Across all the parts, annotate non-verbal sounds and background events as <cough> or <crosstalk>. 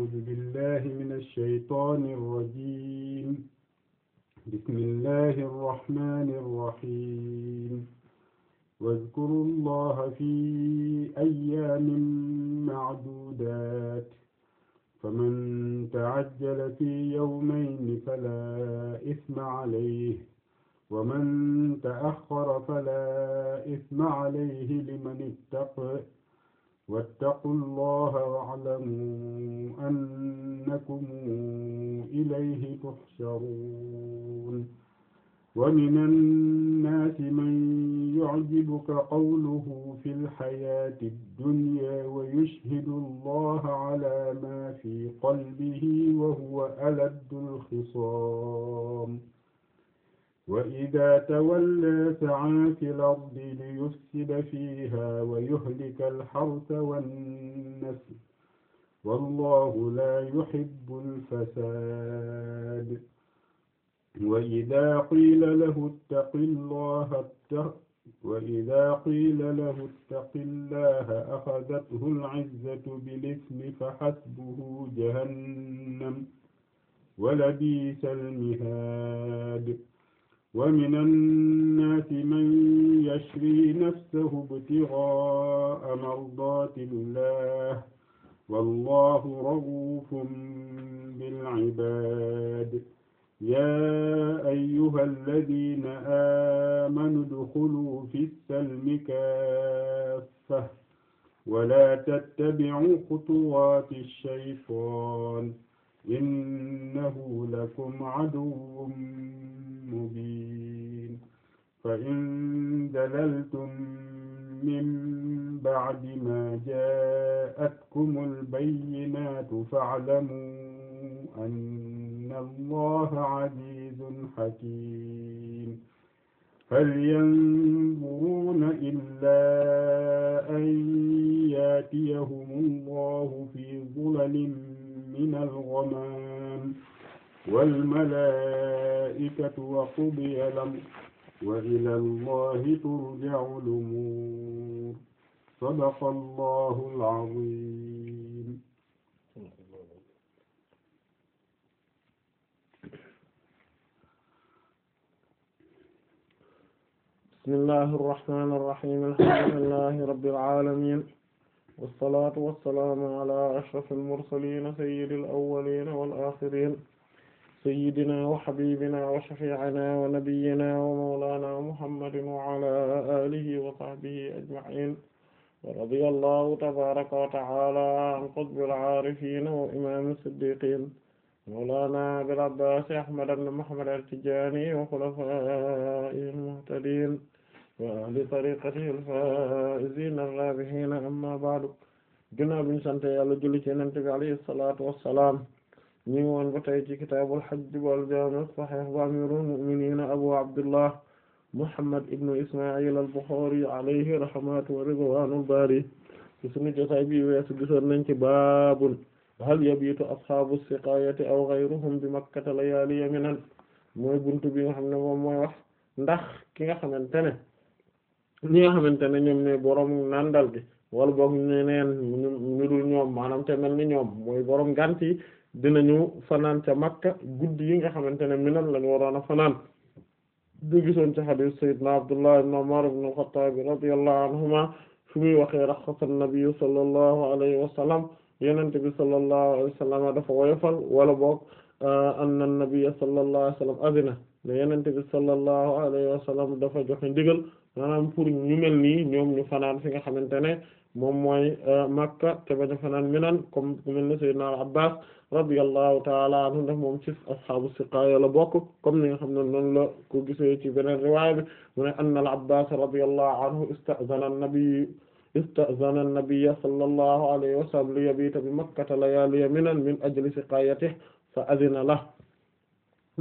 أعوذ بالله من الشيطان الرجيم بسم الله الرحمن الرحيم واذكروا الله في أيام معدودات فمن تعجل في يومين فلا إثم عليه ومن تأخر فلا إثم عليه لمن اتقى واتقوا الله واعلموا أنكم إليه تحشرون ومن الناس من يعجبك قوله في الحياة الدنيا ويشهد الله على ما في قلبه وهو ألد الخصام وإذا تولى سعى في الأرض ليفسد فيها ويهلك الحرث والنسل والله لا يحب الفساد وإذا قيل له اتق الله وإذا قيل له اتق الله أخذته العزة بالإثم فحسبه جهنم ولبئس المهاد ومن الناس من يشري نفسه ابتغاء مرضات الله والله رؤوف بالعباد يا أيها الذين آمنوا ادخلوا في السلم كافة ولا تتبعوا خطوات الشيطان إنه لكم عدو مبين فإن دللتم من بعد ما جاءتكم البينات فاعلموا أن الله عزيز حكيم هل ينظرون إلا أن ياتيهم الله في ظلل من الغمام والملائكة وقضي الأمر وإلى الله ترجع الأمور صدق الله العظيم بسم الله الرحمن الرحيم الحمد لله رب العالمين والصلاة والسلام على أشرف المرسلين سيد الأولين والآخرين sayyidina wa habibina wa shafi'ina wa nabiyyina wa mawlana muhammadin wa ala alihi wa sahbihi ajma'in wa radiyallahu tabaraka wa ta'ala an qutbil aarifin wa imam siddiqin mawlana abil abbas ahmad ibn muhammad at-tijani wa khulafa'ihi al-muhtadin wa ahli tariqatihi al-faa'izin ar-raabihin amma ba'du ginnaaw bi ñu sant Yàlla julli ci Yonent bi alayhi salaatu wa salaam ñu ngi woon ba tey ci kitaabul hajj wal jaami' as-sahiih bu amiiril mu'miniin abu abdullah muhammad ibnu isma'il al-buxaari alayhi rahmatu wa baari ci sunu jotaay bi weesu gisoon nañ ci baabun hal yabiitu ashaabu siqaayati aw ghayruhum bi makkata layaali yaminan mooy buntu bi nga xam ne moom mooy wax ndax ki nga xamante ne ñi nga xamante ne ñoom ne borom nandal gi wala boog ñeneen ñu dul ñoom maanaam te ni ñoom mooy borom gànt yi dinañu fanaan ca Makka guddi yi nga xamante ne Minan lañu waroon a fanaan du gisoon ci hadith sayyidina Abdullah ibn Umar ibn al-Khattab radiyallahu anhuma fi muy waxee raxasa an-nabi sallallahu alayhi wa sallam yenente bi wa sallam dafa woyofal wala boog uh, anna an-nabi sallallahu alayhi wa sallam adina ne yenente bi sallallahu alayhi wa dafa joxe ndigal maanaam pour ñu mel nii ñoom ñu fanaan fi nga xamante ne moom mooy uh, Makka te bañu fanaan Minan comme ku mel ne sayyidina al-Abbas radiyallahu taala anhu ndax moom ci ashaabu siqa la bokk comme ni nga xam ne noonu la ko gisee ci beneen riwaaya bi mu ne anna al-Abbaas radiyallahu anhu ista'zana an-nabiy ista'zana an-nabiyya sallallahu alayhi wa sallam li yabiita bi makkata layaaliya minan min ajli siqaayatihi fa adhina lahu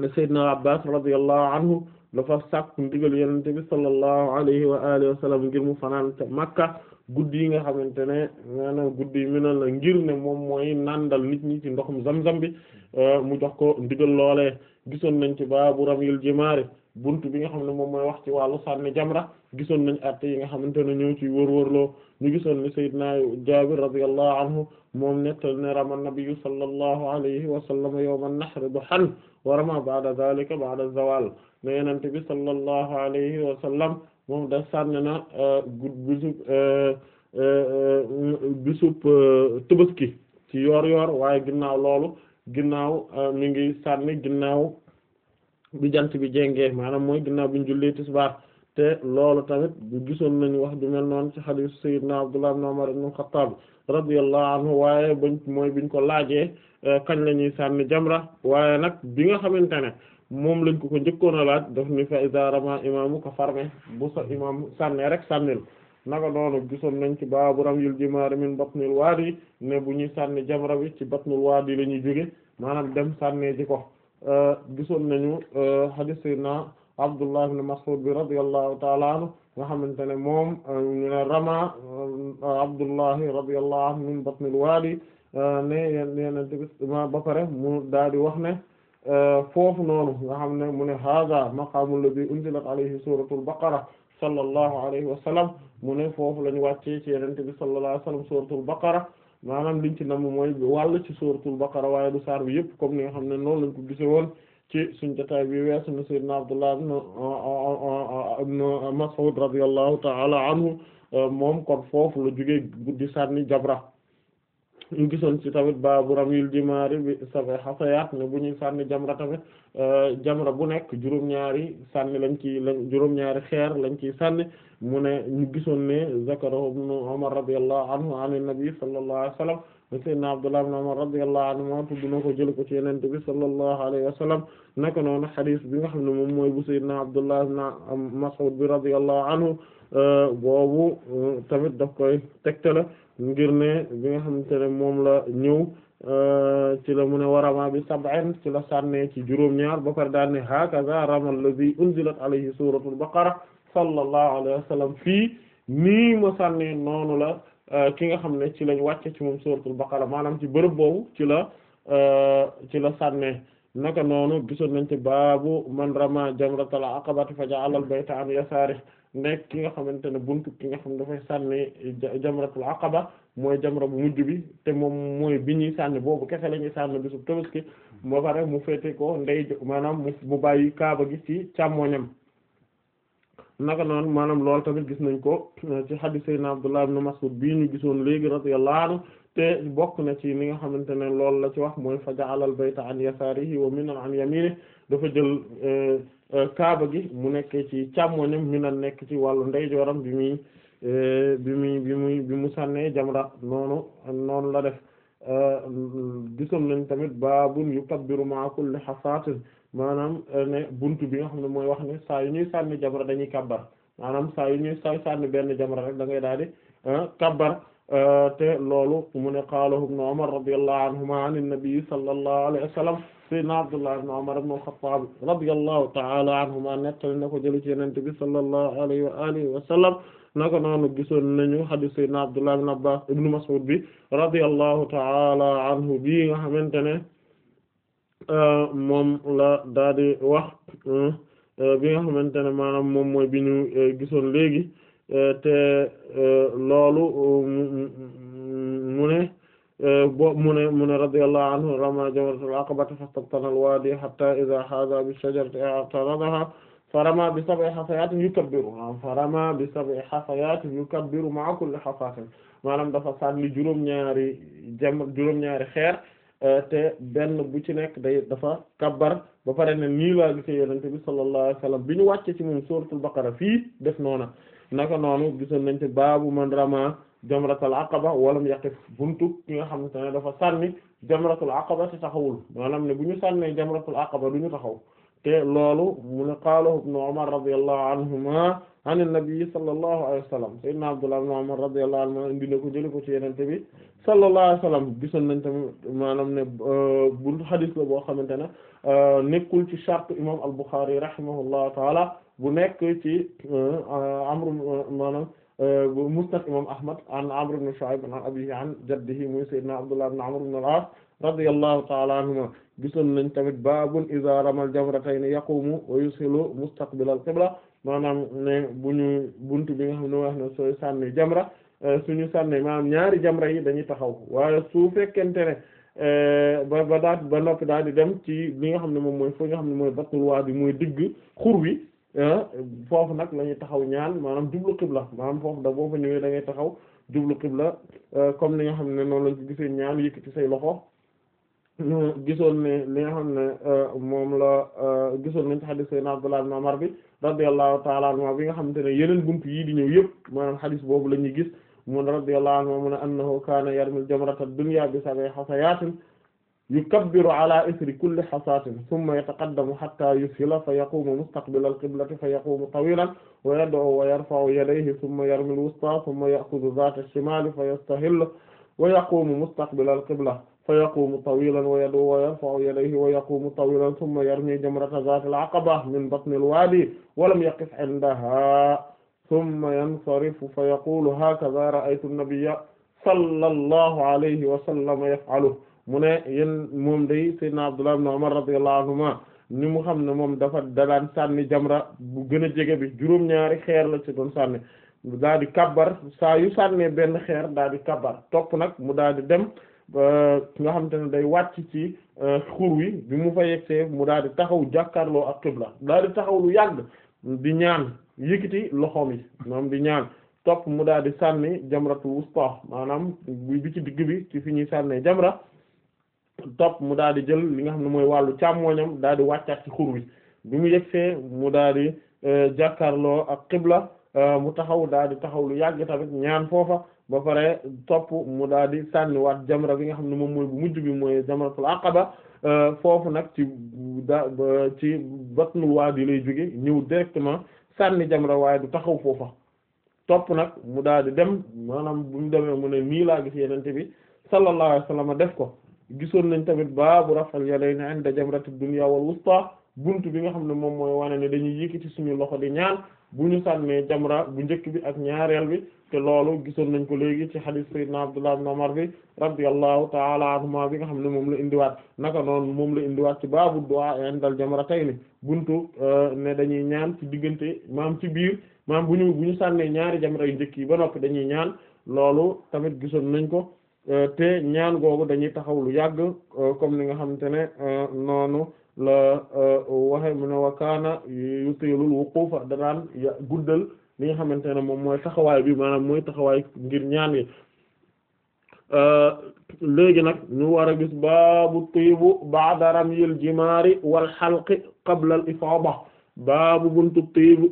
ne Seydina Abbaas radiyallahu anhu dafa sàkk ndigal Yonent bi sallallahu alayhi wa alihi wa sallam ngir mu fanaan Makka guddi yi nga xamante ne maanaam guddi yi mi na la ngir ne moom mooy nandal nit ñi ci ndoxum zam-zam bi euh, mu jox ko ndigal loolee gisoon nañ ci baabu ramyil jimaari bunt bi nga xam ne moom mooy wax ci wàllu sànni jamra gisoon nañ àtte yi nga xamante ne ñëw ci wërwërloo ñu gisoon ne sayyidina Jaabir radiyallahu anhu moom nettal ne rama nabiyyu sallallahu alayhi wa sallam yawman nahr duhan wa rama ba'da dhalika ba'da zawal ne yenente bi sallallahu alayhi wa sallam moom da sànni na euh, bisub euh, euh, bisub tabaski ci yoor yoor waaye ginnaaw loolu ginnaaw mi ngi sànni ginnaaw bi jant bi jengee maanaam mooy ginnaaw bi ñu jullee tisbaar te loolu tamit gisoon nañu wax du mel noonu ci na sayyidina Abdullah ibn Umar ibn Khattab radiyallahu anhu waaye bañ mooy biñ ko laajee kañ la ñuy sànni jamra waaye nag bi nga xamante ne moom lañ ko ko njëkkoon a laaj daf ni fa iza rama imaamu ko farme bu sa imaam sànnee rek sànnil naka noonu gisoon nañ ci baabu ramyil jimaar min batnil waadi ne bu ñuy sànni jamra bi ci batnil waadi la ñuy jóge maanaam dem sànnee ji ko euh, gisoon nañu euh, hadith sayyidina Abdullah ibn Mas'ud bi radiyallahu ta'ala anhu nga xamante ne moom euh, ñu ne rama Abdullah radiyallahu anhu min ne yeen yenente ba pare mu daal di wax ne foofu noonu nga xam ne mu ne haaza maqaamul ladhi unzilat alayhi suuratul baqara sallallahu alayhi wa sallam mu ne foofu lañu wàccee ci yenente bi sallallahu alayhi wa sallam suuratul baqara maanaam liñ ci nam mooy wàll ci suuratul baqara waaye du saar bi yëpp comme ni nga xam ne noonu lañ ko gise woon ci suñu jotaay bi weesu na sayyidina Abdullah ibn Mas'ud radiyallahu ta'ala anhu moom kon foofu la jógee guddi sànni jabra ñu gisoon ci tamit baabu ramyil jimaari bi sabe xasayaat ne bu ñuy sànni jamra tamit euh, jamra bu nekk juróom-ñaari sànni lañ ci lañ juróom-ñaari xeer lañ ciy sànni mu ne ñu gisoon ne zakarahu ibnu Umar radiyallahu anhu an nabi sallallahu alayhi wa sallam sayyidina Abdullah ibn Umar radiyallahu anhu tudd ko jël ko ci Yonent bi sallallahu naka noonu xadiis bi nga xam ne mooy bu sayyidina Abdullah ibn Mas'ud bi radiyallahu anhu euh, boobu euh, tamit daf koy tegtale ngir ne bi nga xamante ne moom la ñëw euh, ci la mu ne warama bi sab'in ci la sànnee ci juróom-ñaar ba pare daan ne hakaza rama allazi unzilat alayhi suratul baqara sallallahu alayhi wa sallam fii nii ma sànnee noonu la euh, ki nga xam ne ci lañ wàcce ci moom suratul baqara maanaam ci bërëb boobu ci la euh, ci la sànnee naka noonu gisoon nañ ci baabu man rama jamratal aqabati fa ja'ala al bayta an yasaari nekk ki nga xamante ne buntu ki nga xam dafay sànni jamratul aqaba mooy jamra bu mujj bi te moom mooy bi ñuy sànni boobu kese la ñuy sànni bisub tabaski moo pare mu féete ko ndey maanaam mu bàyyi kaaba gi ci càmmoñam naka noonu maanaam loolu tamit gis nañ ko euh, ci hadith sayyidina Abdullah ibn Mas'ud bii ñu gisoon léegi radiyallahu anhu te bokk na ci li nga xamante ne loolu la ci wax mooy fa ja'ala al bayta an yasarihi wa minan an yaminihi dafa jël euh, Euh, kaaba gi mu nekk ci càmmoñam mi na nekk ci wàllu ndeyjooram bi muy euh, bi muy bi muy mu sànnee jamra noonu noonu la def euh, gisoon nañ tamit baabun yukabbiru ma'a kulli hasatin maanaam ne bunt bi nga xam ne mooy wax ne saa yu ñuy sànni jamra dañuy kabbar maanaam saa yu ñuy saa sànni benn jamra rek da ngay daal di kabbar te loolu mu ne qaalahu ibnu Umar radiyallahu an nabi sallallahu alayhi wa sayyidina Abdullah ibn Umar ibn al-Khattab radiyallahu ta'ala anhuma nettali na ko jële ci Yonent bi sallallahu alayhi wa alihi wa sallam naka noonu gisoon nañu hadith sayyidina Abdullah ibn Abbas ibn Mas'ud bi radiyallahu ta'ala anhu bi nga xamante ne euh, moom la daa di wax euh, bi nga xamante ne maanaam moom mooy bi ñu euh, gisoon léegi te loolu mu ne bo mu ne mu ne radiyallahu anhu rama jamratul aqabata fastabtana alwadi hatta idha hadha bi shajarati i'taradaha farama bi sab'i hasayatin yukabbiru farama bi sab'i hasayatin yukabbiru ma'a kulli hasatin maanaam dafa sànni juróom-ñaari jam juróom-ñaari xeer euh, te benn bu ci nekk day dafa kabbar ba pare ne nii laa gisee yonent bi sallallahu alayhi ñu wàcce ci moom suratul baqara fii def noona naka noonu gisoon nañ ci baabu man rama jamratul aqaba walam yaqif buntu ki nga xamante ne dafa sànni jamratul aqaba te taxawul maanaam ne bu ñu sànnee jamratul aqaba du ñu taxaw te loolu mu ne qaala ibn Umar radiyallahu anhuma an an-nabi sallallahu alayhi wa sallam sayyidina Abdullah ibn Umar radiyallahu anhuma indi na ko jëli ko ci yenente bi sallallahu alayhi wa nañ tamit maanaam ne euh, buntu xadis la boo xamante ne euh, nekkul ci charte imam al-Bukhari rahimahullahu taala bu nekk ci euh, amru maanaam bu musnad imam ahmad an amr ibn shu'ayb an abihi an jaddihi muy sayyidina abdullah ibn amr ibn al-as radiyallahu ta'ala anhuma gisoon nañ tamit baabun idha ramal jamratayni yaqumu wa yusilu mustaqbil al-qibla maanaam ne buñu buntu bi nga xam ne wax na sooy jamra suñu sànni maanaam ñaari jamra yi dañuy taxaw waaye su fekkente ne eh, ba ba daat ba noppi daal di dem ci li nga xam ne moom mooy foo xam ne mooy battul waadi mooy digg xur wi Ah, foofu nag la taxaw ñaan maanaam jublu xibla maanaam foofu da boo fa ñëwee da ngay taxaw jublu xibla ah, comme ni nga xam ne noonu lañ ci gisee ñaan yëkkati say loxo ah, gisoon ne li nga xam ne moom la gisoon nañ ci xadis Seydina Abdullah ibn Umar bi radiyallahu ta'ala anhu bi nga xamante ne yeneen bunt yi di ñëw yëpp maanaam xadis boobu la ñuy gis mun radiyallahu anhu mu ne annahu kaana yarmil jamrata ad-dunya bi sab'i hasayatin yukabbiru ala ithri kulli hasatin thumma yataqaddamu hatta yushila fa yaqumu mustaqbila alqiblati fa yaqumu tawilan wa yad'u wa yarfa'u yadayhi thumma yarmi alwusta thumma ya'khudhu dhata ash-shimali fa yastahillu wa yaqumu mustaqbila alqibla fa yaqumu tawilan wa yad'u wa yarfa'u yadayhi wa yaqumu tawilan thumma yarmi jamrata dhati al-aqaba min batni al-wadi wa lam yaqif 'indaha thumma yansarifu fa yaqulu hakadha ra'aytu an-nabiyya sallallahu alayhi wa sallam yaf'aluhu mu ne yéen moom day naa Abdullah ibn Umar radiyallahu anhuma ni mu xam ne moom dafa dadaan sànni jamra bu gën a jege bi juróom-ñaari xeer la ci doon sànni daa di kabbar saa yu sànnee benn xeer daa di kabbar topp nag mu daa di dem nga xam te ne day wàcc ci euh, xur wi bi mu fa yegsee mu daa di taxaw jàkkaarloo ak qibla daa di taxaw lu yàgg di ñaan yëkkati loxoom yi moom di ñaan topp mu daa di sànni jamratu wusta maanaam bi ci digg bi ci fi ñuy sànnee jamra topp mu daal di jël li nga xam ne mooy wàllu càmmooñam daal di wàccaat ci xur wi bi mu see mu daal di eh, jàkkaarloo ak xibla eh, mu taxaw daal di taxaw lu yàgg tamit ñaan foofa ba pare topp mu daal di sànniwaat jamra bi nga xam ne moom mooy bu mujj bi mooy jamratul aqaba eh, foofu nag ci da ci batnul waadi lay jóge ñëw directement sànni jamra waaye du taxaw foofa topp nag mu daal di dem maanaam bu mu demee mu ne nii laa gis yenente bi sallallahu alayhi wasallam def ko gisoon nañ tamit baabu raf'il yadayni 'inda jamrati dunya wal wusta bunt bi nga xam ne moom mooy wane ne dañuy yëkkati suñu loxo di ñaan bu ñu sànnee jamra bu njëkk bi ak ñaareel bi te loolu gisoon nañ ko léegi ci hadith sayyidina Abdullah ibn Umar bi radiyallahu ta'ala anhuma bi nga xam ne moom la indiwaat naka noonu moom la indiwaat ci baabu du'a 'inda al jamratayni buntu euh, ne dañuy ñaan ci diggante maam ci biir maam bu ñu bu ñu sànnee ñaari jamra yu njëkk yi ba noppi dañuy ñaan loolu tamit gisoon nañ ko Euh, te ñaan googu dañuy taxaw lu yàgg euh, comme ni nga xamante ne euh, noonu la waxe mu ne wa kaana yutilul wuqufa danaan guddal li nga xamante ne moom mooy taxawaay bi maanaam mooy taxawaay ngir ñaan gi léegi nag ñu war a gis baabu tiibu ba'da ramyil jimaari wal xalqi qabla al ifaada baabu buntu tiibu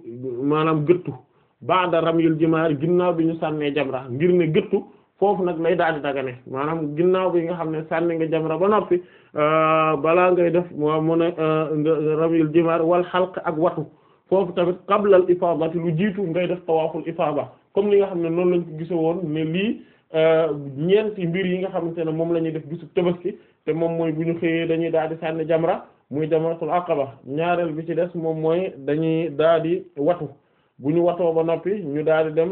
maanaam gëttu ba'da ramyil jimaari ginnaaw bi ñu sànnee jamra ngir ne gëttu foofu nag lay daal di dagane maanaam ginnaaw bi nga xam ne sànni nga jamra ba noppi euh, balaa ngay def mun a euh, ramyul jimaar wal xalq ak watu foofu tamit qablal ifaadati lu jiitu ngay def tawaaful ifaada comme li nga xam ne noonu lañ ko gise woon ne lii euh, ñeenti mbir yi nga xamante ne moom la ñuy def bisub tabaski te moom mooy bu ñu xëyee dañuy daal di sànni jamra muy jamratul aqaba ñaareel bi ci des moom mooy dañuy daal di watu bu ñu watoo ba noppi ñu daal di dem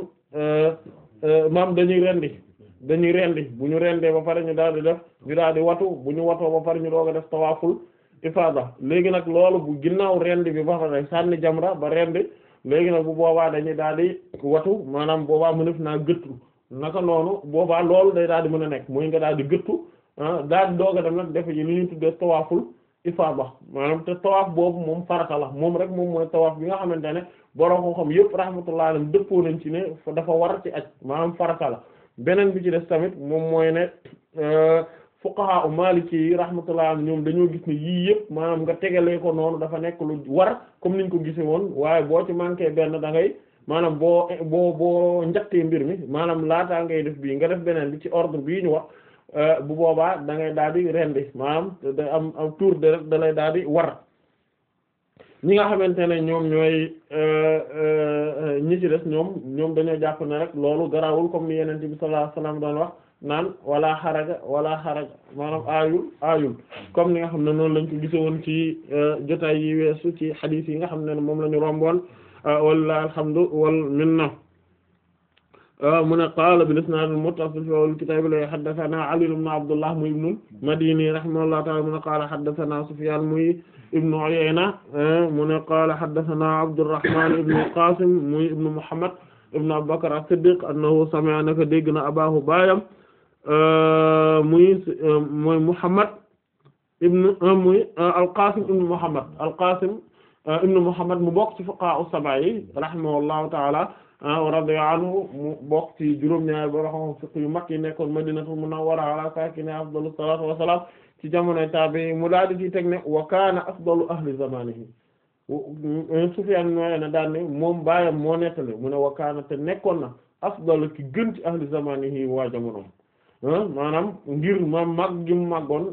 maam dañuy rendi dañuy rendi bu ñu rendee ba pare ñu daal di def ñu daal di watu bu ñu watoo ba pare ñu doog a def tawaaful ifaada léegi nag loolu bu ginnaaw rendi bi ba pare sànni jamra ba rendi léegi nag bu boobaa dañuy daal di watu maanaam boobaa mu def naa gëttu naka noonu boobaa loolu day daal di mën a nekk mooy nga daal di gëttu ah, daal di doog a dem nag def yi li ñu tuddee tawaaful maanaam te tawaaf boobu moom farata la moom rek moom mooy tawaaf bi nga xamante ne borom koo xam yëpp rahmatullah alayhi dëppoo nañ ci ne dafa war ci aj maanaam farata la beneen bi ci des tamit moom mooy ne euh, fuqaha u maliki yi rahmatullah am ñoom dañoo gis ne yii yëpp maanaam nga tegalee ko noonu dafa nekk lu war comme niñ ko gise woon waaye boo ci manqué benn dangay maanaam boo boo boo njattee mbir mi maanaam laataa ngay def bii nga def beneen bi ci ordre bii ñu wax euh, bu boobaa da ngay daal di rendi maanaam da am am tour de da lay daal di war ñi nga xamante ne ñoom ñooy euh, euh, euh, ñi ci des ñoom ñoom dañoo jàpp ne rek loolu garawul comme ni yenente bi sallallahu alayhi wasallam doon wax naan wala xaraja wala xaraja maanaam aayul aayul comme ni nga xam ne noonu lañ ko gise woon ci jotaay yi weesu ci xadiis yi nga xam ne moom la ñu romboon walilah alhamdu wal minna mu ne qaala bil isnaad al muttasil fi al kitaab la haddathana Ali ibn Abdullah muy ibnul Madini rahimahullahu ta'ala mu ne qaala haddathana Sufyaan muy ibn Uyayna eh, mu ne qaala haddathana Abdurrahman ibn Qasim muy ibn Muhammad ibn Abubakar as-Siddiq annahu sami'a naka dégg na abahu baayam eh, muy eh, muy Muhammad ibn muy al-Qasim ibn Muhammad al-Qasim ibn Muhammad mu bokk ci fuqaha as-sab'a yi rahimahullahu ta'ala wa radiya anhu mu bokk ci juróom-ñaar ba xam fiqh yu mag yi nekkoon Madinatul Munawwara ala saakinihaa afdalu salaatu wa salaam ci jamonoy taabi mu daal di ci teg ne wa kaana afdalu ahli zamanihi Sufyaan mooy na daan ne moom baayam moo nettali mu ne wa te nekkoon na afdalu ki gën ci ahli zamanihi waa jamonoom maanaam ngir ma mag gi mu màggoon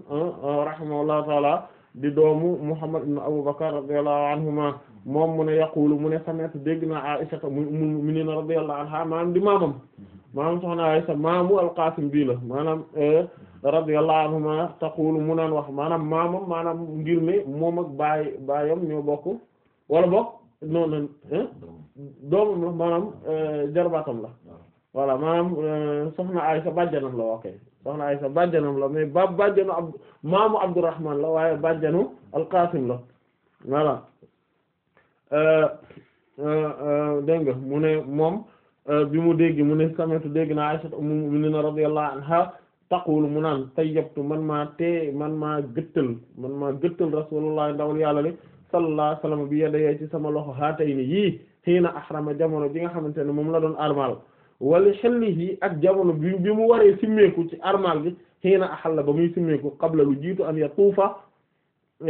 rahimahullahu taala di doomu Muhammad ibn Abu Bakar radiyallahu anhuma moom mu ne yaqulu mu ne sami'tu dégg naa Aisha ummul mu'minin radiyallahu anha maanaam di maamam mm-hmm. maanaam soxna Aisha maamu al-Qasim bii radiyallahu anhuma taqulu mu naan wax maanaam maamam maanaam ngir ne moom ak baay baayam ñoo bokk wala bokk noonu la doomam la maanaam euh, jarbaatam la ah. voilà maanaam euh, soxna Aysa bàjjanam la ok soxna Aysa bàjjanam la mais ba maamu Abdurrahman la waaye bàjjanu al la voilà euh, dégg nga mu ne moom bi mu dégg mu ne sametu dégg na Aysa ummul mu'minin radiyallahu anha taqul mu naan tayyabtu man maa tee man maa gëttal man maa gëttal rasulullah ndawal yàlla ne sallallahu alayhi wasallam bi ci sama loxo haatay ni yii xiina ahrama jamono ji nga xamante ne moom la doon armal wala xellihi ak jamono bi bi mu waree simmeeku ci armal bi xiina axalla ba muy simmeeku qabla lu jiitu an yatuufa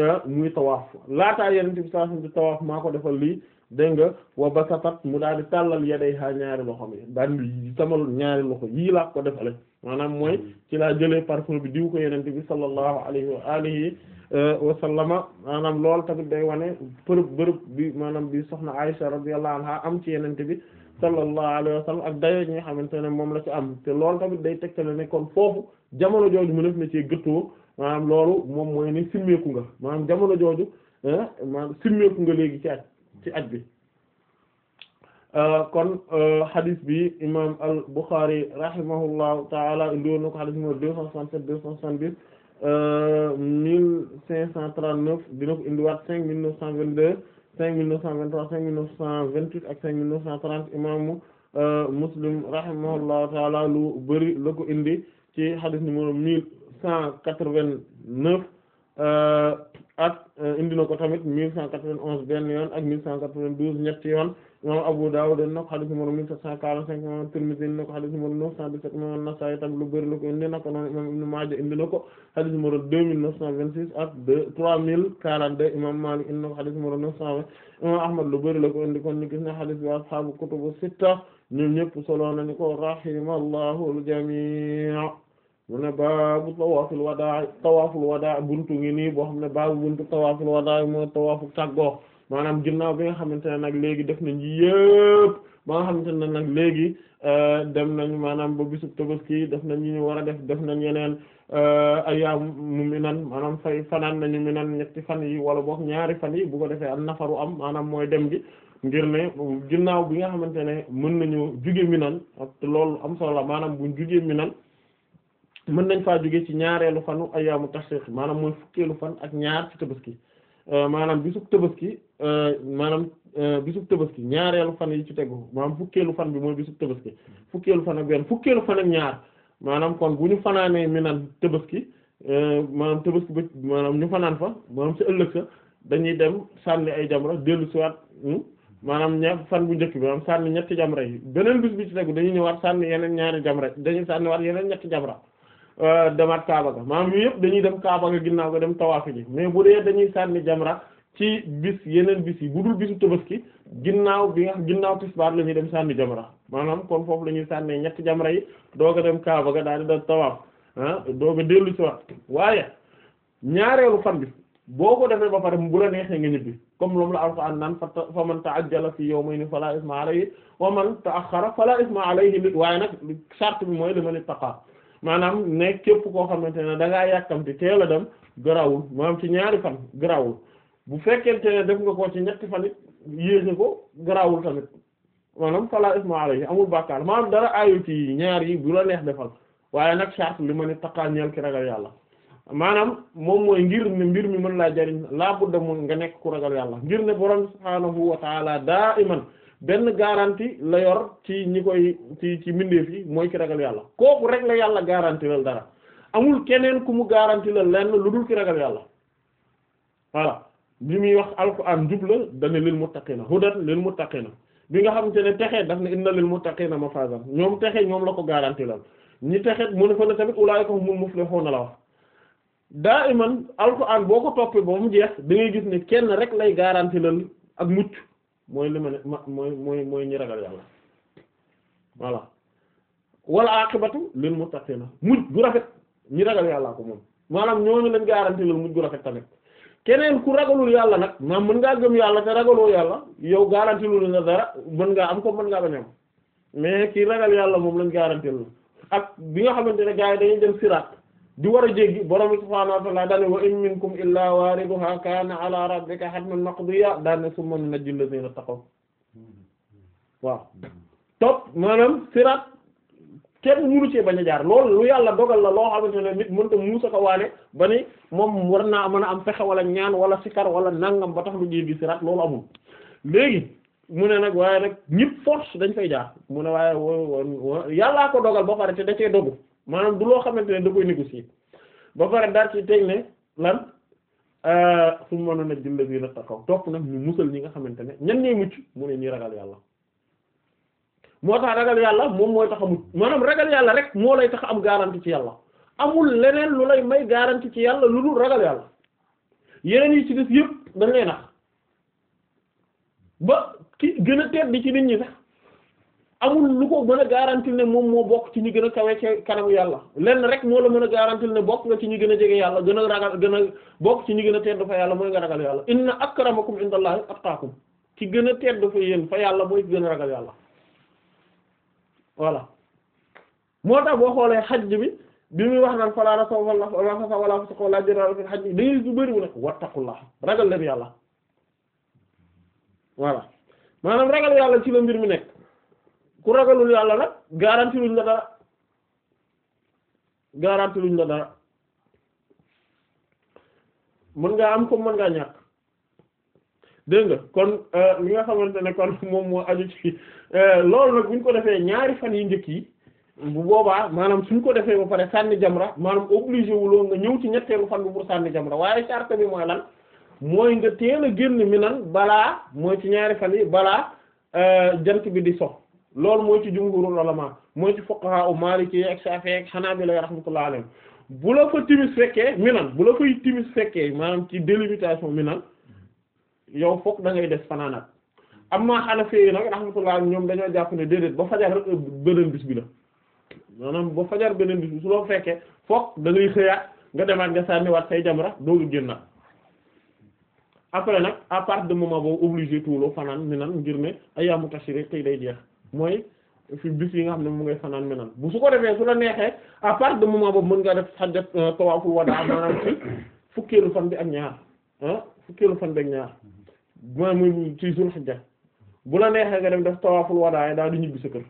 eh, muy tawaaf laataa yenente bi sallallahu alayhi wasallam tawaaf maa ko defal lii dégg nga wa basatat mu daal di tàllal yaday ha ñaari loxo yi daal di tamal ñaari loxo yii laa ko defale maanaam mooy mm. ci laa jëlee parfum bi diw ko yenente bi sallallahu alayhi wa alihi euh, wa sallama maanaam loolu tamit day wane bërëb bërëb bi maanaam bi soxna Aisha radiyallahu anha am ci yenente bi sallallahu alayhi wa sallam ak dayo ñi nga xamante ne moom la ci am te loolu tamit day tegtale ne kon foofu jamono jooju mu def na ci gëttoo maanaam loolu moom mooy ni simmeeku nga maanaam jamono jooju euh, maanaam simmeeku nga léegi ci at ci at bi euh, kon xadis euh, bi imam al Bukhari rahimahullahu taala indi woon na ko hadith numéro deux cent soixante-sept deux cent soixante-dix euh, mille cinq cent trente-neuf dina ko indiwaat cinq mille neuf cent vingt-deux cinq mille neuf cent vingt-trois cinq mille neuf cent vingt-huit ak cinq mille neuf cent trente imam Muslim rahimahullahu taala lu bari la ko indi ci hadith numéro mille cent quatre-vingt-neuf ak euh, indi tamit mille cent quatre-vingt-onze benn yoon ak mille cent quatre-vingt-douze ñetti yoon imam Abu Dawud na ko hadith sept cent quarante-cinq imam Tirmidhi na ko hadith numéro neuf cent dix-sept tam lu bari la ko imam Ibn Majah indi na ko deux mille neuf cent vingt-six ak trois mille quarante-deux imam Malik indi na ko hadith numéro neuf imam Ahmad lu bari la ni gis na hadith wa ashabu kutubu sitta ñoom ñépp solo mu ne baabu tawaaful wadaa tawaaful wadaa buntu ngi nii boo xam ne baabu buntu tawaaful wadaa mooy tawaafu tàggoo maanaam ginnaaw bi nga xamante ne nag léegi def nañ yëpp ba nga xamante ne nag léegi euh, dem nañ maanaam ba bisub tabaski def nañ ñu war a def def nañ yeneen euh, ayyaamu minan maanaam fay fanaan nañu minan ñetti fan yi wala boog ñaari fan yi bu ko defee am nafaru am maanaam mooy dem gi ngir ne ginnaaw bi nga xamante ne mën nañu juge minan te loolu am solo maanaam buñ jugee minan mën nañ faa jóge ci ñaareelu fanu ayaamu tashriq maanaam mooy fukkeelu fan ak ñaar ci tabaski euh, maanaam bisub tabaski euh, maanaam euh, bisub tabaski ñaareelu fan yi ci tegu maanaam fukkeelu fan bi mooy bisub tabaski fukkeelu fan ak benn fukkeelu fan ñaar maanaam kon bu ñu fanaanee mi naan tabaski maanaam tabaski ba maanaam ñu fanaan fa maanaam sa ëllëg dañuy dem sànni ay jamra dellu siwaat hmm, maanaam ñaar fan bu njëkk bi maanaam sànni ñetti jamra yi beneen bis bi ci tegu dañuy ñëwaat sànni yeneen ñaari jamra dañuy sànniwaat yeneen ñetti jamra Euh, demaat Kaaba ga maanaam yi yëpp dañuy dem Kaaba ga ginnaaw ga dem tawaaf ji mais bu dee dañuy sànni jamra ci bis yeneen bis yi bu dul bisu ki ginnaaw bi nga ginnaaw tisbaar la ñuy dem sànni jamra maanaam kon foofu la ñuy sànnee ñetti jamra yi doog dem Kaaba ga daal di dem tawaaf ah doog dellu ci waat waaye ñaareelu fan bi boo ko defee ba pare bu la neexee nga ñibbi comme loolu la am naan fa man ta'ajjala fi yawmayni falaa isma alayhi wa man ta'axxara falaa isma alayhi bi mooy li ma maanaam ne képp koo xamante ne da ngaa yàkkamti teel a dem garawul maanaam ci ñaari fan garawul bu fekkee te ne def nga ko ci ñetti fan it yéese ko garawul tamit maanaam fala isma alayhi amul bàkkaar maanaam dara aayu ci ñaar yi bu la neex defal waaye nag sart li ma ne taqaa ñeel ki ragal yàlla maanaam moom mooy ngir ne mbir mi mën laa jariñ laa budda mun nga nekk ku ragal yàlla ngir ne borom subhaanahu wa ta'ala daa iman benn garanti la yor ci ñi koy ci ci mbindeef yi mooy ki ragal yàlla kooku rek la yàlla garanti lal dara amul keneen ku mu garanti la lenn lu dul ki ragal yàlla voilà li muy wax alxuraan njub la dana lil muttaqiina hudan lil muttaqiina bi nga xamante ne texe daf ne inna lil muttaqiina mafazan ñoom texe ñoom la ko garantie lal ñi texe mu ne fa ne tamit ulaa'ika humul na la wax daa iman alxuraan boo ko toppee ba mu jeex da ngay gis ne kenn rek lay garanti lal ak mucc mooy li ma ne ma mooy mooy mooy ñi ragal yàlla voilà wal aqibatu lil muttaqina mujj gu rafet ñi ragal yàllaa ko moom maanaam ñooñu lañ garanti la mujj gu rafet tamit keneen ku ragalul yàlla nag maam mën ngaa gëm yàlla te ragaloo yàlla yow garanti lu la dara mën ngaa am ko mën ngaa bañ am mais ki ragal yàlla moom lañ garanti lu ak bi nga xamante ne gars yi dañuy dem siraat di war a jéggi borom subhaanahu wa ta'aala dane wa in minkum illaa waariduhaa kaana alaa rabbika hatman maqdiyya daane summa nunajjil lazina taqaw waaw topp maanaam siraat kenn mënu ci bañ a jaar loolu yàlla dogal la loo xamante ne nit mënta muusa ko waane ba ni moom war naa mën a am fexe wala ñaan wala sikar wala nangam ba tax lu jéggi siraat loolu amul léegi mu ne nag waaye nag ñëpp force dañ fay jaar mu ne waaye yàllaa ko dogal ba pare te da cee dogu maanaam du loo xamante ne da koy négocier ba pare daal ci teg ne lan su euh, ma mënoon a jënd bii nag taxaw topp nag ñu musal ñi nga xamante ne ñan ñooy mucc mu ne ñuy ragal yàlla moo tax ragal yàlla moom mooy tax mucc maanaam ragal yàlla rek moo lay tax am garantie ci yàlla amul leneen lu lay may garantie ci yàlla lu dul ragal yàlla yeneen yi ci des yëpp dañ nax ba ki gën a di ci nit ñi sax. amul lu ko mën a garantil ne moom moo bokk ci ñu gën a kawe ci kanamu yàlla lenn rek moo la mën a garantil ne bokk nga ci ñu gën a jege yàlla gën a ragal gën a bokk ci ñi gën a tedd fa yàlla mooy nga ragal yàlla inna akramakum indallahi atqaakum gën a tedd fa yéen fa yàlla mooy gën a yàlla voilà moo tax boo xoolee xajj bi bi muy wax naan fala rafasa wala fasa wala fusqa wala jaraal fil hajj dañuy du bëri bu ne wattaqullah ragal leen yàlla voilà maanaam ragal yàlla ci la mbir mi nekk ku ragalul yàlla nag garanti luñ la dara garanti luñ la dara mën ngaa am comme mën ngaa ñàkk dégg nga kon euh, li nga xamante ne kon <laughs> moom moo aju ci euh, loolu nag buñ ko defee ñaari fan yi njëkk yi bu boobaa maanaam suñ ko defee ba pare sànni jamra maanaam obligé wuloo nga ñëw ci ñetteelu fan bi pour sànni jamra waaye charte bi mooy lan mooy nga teel a génn mi nan balaa mooy ci ñaari fan yi balaa euh, jant bi di sox loolu mooy ci jumhurul ulama mooy ci fuqaha u maliki ak shafi'i ak hanabila rahmatullahi alayhim bu la fa timis fekkee minan bu la fay timis fekkee maanaam ci délimitation minan yow fokk da ngay des fanaanaat amma hanafi yi nag rahmatullah ñoom dañoo jàpp ne déedéet ba fajar rek beneen bis bi la maanaam ba fajar beneen bis bi su loo fekkee fokk da xëyaat nga demaat nga sànniwaat say doo doogu génnaat après nag à partir de moment boobu obligé tuuloo fanaan minan mooy fi bis yi nga xam ne mu ngay fanaan menan bu su ko defee su la neexee à partir de moment boobu mën nga def xajjat euh, tawaaful wadaa maanaam ci fukkeelu fan bi ak ñaar ah fukkeelu fan bi ak ñaar ma muy ci bu la neexee nga dem def tawaaful wadaa daal di ñibbi sa kër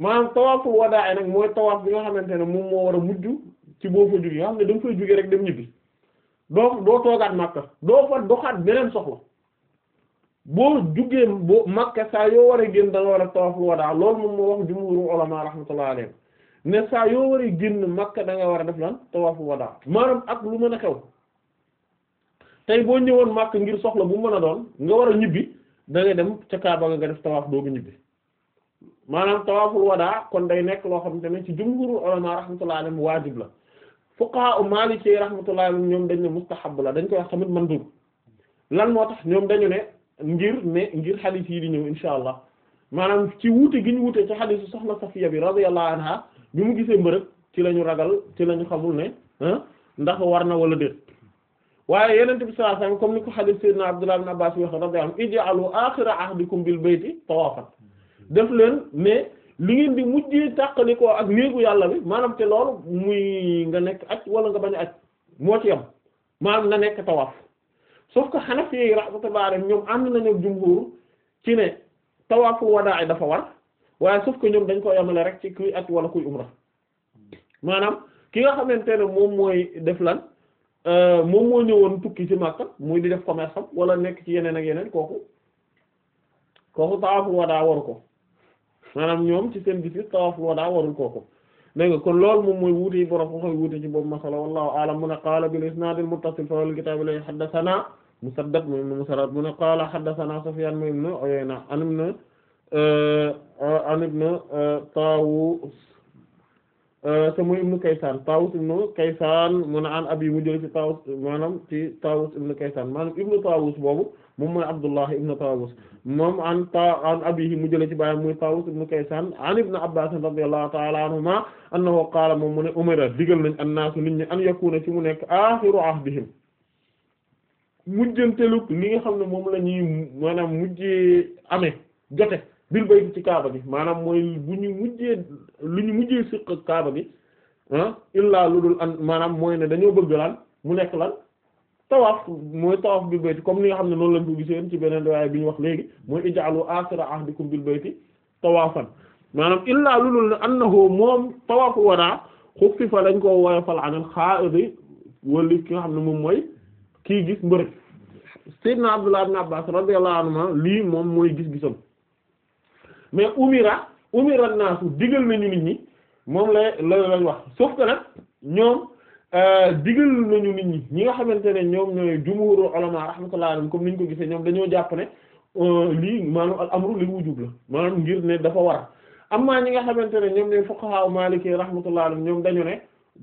maanaam tawaaful wadaa nag mooy tawaaf bi nga xamante ne moom moo war a mujj ci boo fa jógee nga xam ne da nga fay jógee rek dem ñibbi doo doo toogaat Makka doo fa doxaat beneen soxla boo jugee boo Makka saa yoo war a génn da war a tawaful wadaa loolu moom moo wax jumhuru ulama rahmatullahi alayhi ne saa yoo war a génn Makka da war a def lan tawaful wadaa maanaam ak lu mën a xew tey boo ñëwoon Makka ngir soxla bu mën a doon nga war a ñibbi da dem ca Kaaba nga def tawaaf doogu ñibbi maanaam tawaful wadaa kon day nekk loo xamante ne ci jumhuru ulama rahmatullahi alayhi waajib la fuqaha maliki rahmatullahi alayhi ñoom dañ ne mustahab la dañ koy wax tamit mandub lan ñoom dañu ne. ngir ne ngir xadiis yi di ñëw insha allah maanaam ci wuute gi ñu wuute ci xadiisu soxna Safiya bi radiyallahu anha bi mu gisee mbërëg ci la ñu ragal ci la ñu xamul ne ah, ndax war na wala déet waaye yeneen bi sallallahu alayhi wasallam comme ni ko xadiis sayyidina Abdullah ibn Abbas wax radiyallahu anhu ij'alu aaxira ahdikum bil bayti tawaafan def leen ne li ngeen di mujjee tàqali ko ak néegu yàlla bi maanaam ci loolu muy nga nekk aj wala nga bañ a moo ci yam maanaam na nekk tawaaf sauf que Hanafi yi rahmatullahi alayhim ñoom ànd nañu ak jumhur ci ne tawaafu wadaa dafa war waaye sauf que ñoom dañ ko yamale rek ci kuy at wala kuy umra maanaam ki nga xamante ne moom mooy def lan euh, moom moo ñëwoon tukki ci Makka muy di def commerce am wala nekk ci yeneen ak yeneen kooku kooku tawaafu wadaa waru ko maanaam ñoom ci seen gis-gis tawaafu wadaa warul kooku dégg nga kon lool moom mooy wuute yi ko koy wuute ci boobu masala wallahu a'lam mu ne qaala bil isnaadil muttasil fa wal kitaab la haddathana Musaddad mu ibn Musarhad mu ne qaala haddathana Sufyaan mu ibn Uyayna an ibn uh, an ibn uh, Taawus uh, te muy Kaysaan Taawus ibn Kaysaan mu ne an abi mu jël ci Taawus maanaam ci Taawus ibn Kaysaan maanaam ibn Taawus boobu moom mooy Abdullah ibn Tawus moom an ta an abihi mu jëlee ci baayam muy Tawus ibn Kaysan an ibn Abbas radiyallahu ta'ala anhuma annahu qaala moom mu ne umira digal nañ annaasu nit ñi an yakuna ci mu nekk axiru ahdihim mujjantelug li nga xam ne moom lañuy maanaam mujjee amee jote bil bayt ci kaaba bi maanaam mooy bu ñu mujjee lu ñu mujjee sëq kaaba gi ah lu dul an maanaam mooy ne dañoo bëgg lan mu nekk lan tawaaf mooy tawaaf bil bayti comme li nga xam ne noonu lañ ko giseen ci beneen riwaaya bi ñu wax léegi mooy ij'alu aaxira ahdikum bil bayti tawaafan maanaam illaa lulul ne annahu moom tawaafu wadaa xuffifa dañ ko xaa anil xaa'idi wala ki nga xam ne moom mooy kii gis mbërëg sayyidna Abdullah ibn Abbas radiyallahu anhuma lii moom mooy gis-gisam mais umira umira naasu digal nañu nit ñi moom la la lañ wax sauf que Euh, digal nañu nit ñi ñi nga xamante ne ñoom ñooy jumhuru ulama rahmatullahi comme ni ñu ko gisee ñoom dañoo jàpp ne euh, lii maanaam al amru lil wujub la maanaam ngir ne dafa war am maa ñi nga xamante ne ñoom ñooy fuqaha maliki rahmatullahi alayhim ñoom dañu ne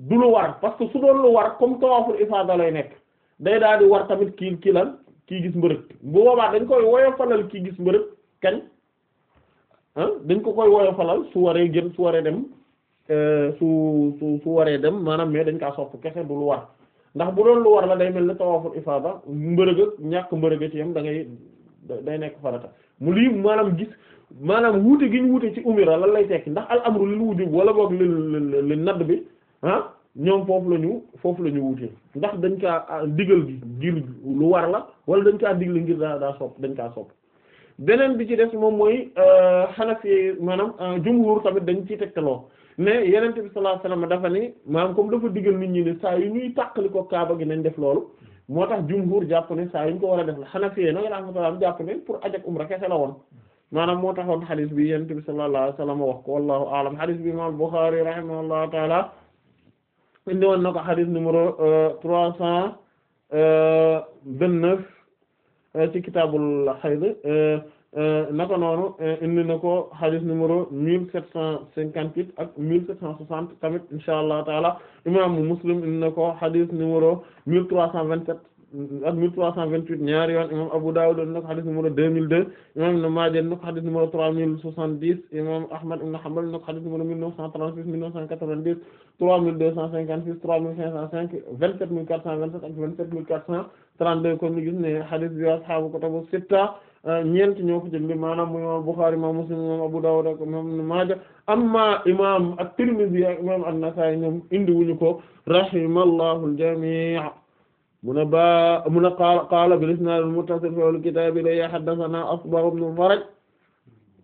du lu war parce que su doon lu war comme tawaaful ifaada lay nekk day daal di war tamit kii kii lan kii gis mbërëg bu boobaa dañ koy woyofalal kii gis mbërëg kañ dañ ko koy woyofalal su waree gën su waree dem Euh, su su su waree dem maanaam mais dañ kaa sopp kese du lu war ndax bu doon lu war la day mel ni tawaaful ifaada mbërëg ak ñàkk mbërëg ci yam da ngay day nekk farata mu lii maanaam gis maanaam wuute gi ñu wuute ci umira lan lay tekki ndax al am amru lil wujub wala boog li li nadd bi ah ñoom foofu la ñu foofu la ñu wuute ndax dañ kaa ah, digal gi ngir lu war la wala dañ kaa digal ngir daa daa sopp dañ kaa sopp beneen bi ci des moom mooy xanafi euh, maanaam euh, jumhur tamit dañ ciy tegtaloo mais yenente bi sallallahu alayhi wasallam dafa ni maam comme dafa digal nit ñi ne saa yu ñuy tàqali ko kaaba gi nañ def loolu moo tax jumhur jàpp ne saa ñu ko war a def la Hanafiya nag rahmatullah jàpp ne pour aj ak umra kese la woon maanaam moo tax taxoon xadis bi yenente bi sallallahu alayhi wasallam wax ko wallahu a'lam xadis bi imam Bukhari rahimahullahu taala indi woon na ko xadis numéro euh, trois cent euh, vingt-neuf euh, ci kitaabul hayd Euh, naka noonu euh, indi na ko hadith numéro mille cent cinquante-huit ak mille sept cent soixante tamit insha allah taala imaamu muslim indi na ko hadith numéro mille trois cent vingt-sept ak mille trois cent vingt-huit ñaari yoon imam Abu Dawud indi na ko hadith numéro deux mille deux imam Ibn Maaja indi na ko hadith numéro trois mille soixante-dix imam Ahmad ibn Hanbal indi na ko hadith numéro mille neuf cent trente-six mille neuf cent quatre-vingt-dix trois mille deux cent cinquante-six ñeent ñoo ko jël maanaam mu imam Bukhari imam Muslim imam Abu Dawud ak imam Ibn Maaja amma imam at-Tirmidhi ak imam an-Nasa'i ñoom indi wuñu ko rahimallahu al-jami' mu ne ba mu ne qaala qaala bil isnad al-muttasil fi al-kitab la haddathana Asbar ibn al-Faraj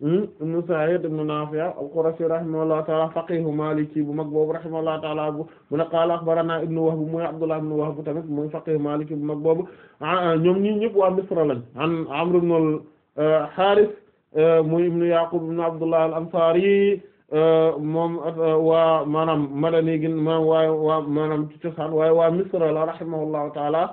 Hmm? ibn Sa'id ibn Nafi' al-Qurashi rahimahullahu ta'ala faqihu maliki bu mag boobu rahimahullahu ta'ala bu mu ne qaala akhbarana ibn Wahb mooy Abdullah ibn Wahb tamit mooy faqihu maliki bu mag boobu ah, ah, ñoom ñi waa Misra lañ an Amr eh, eh, muy ibn Yaqub ibn Abdullah al-Ansari eh, moom maanaam madani gin maanaam waa maanaam ci cosaan waaye waa Misra la rahimahullahu ta'ala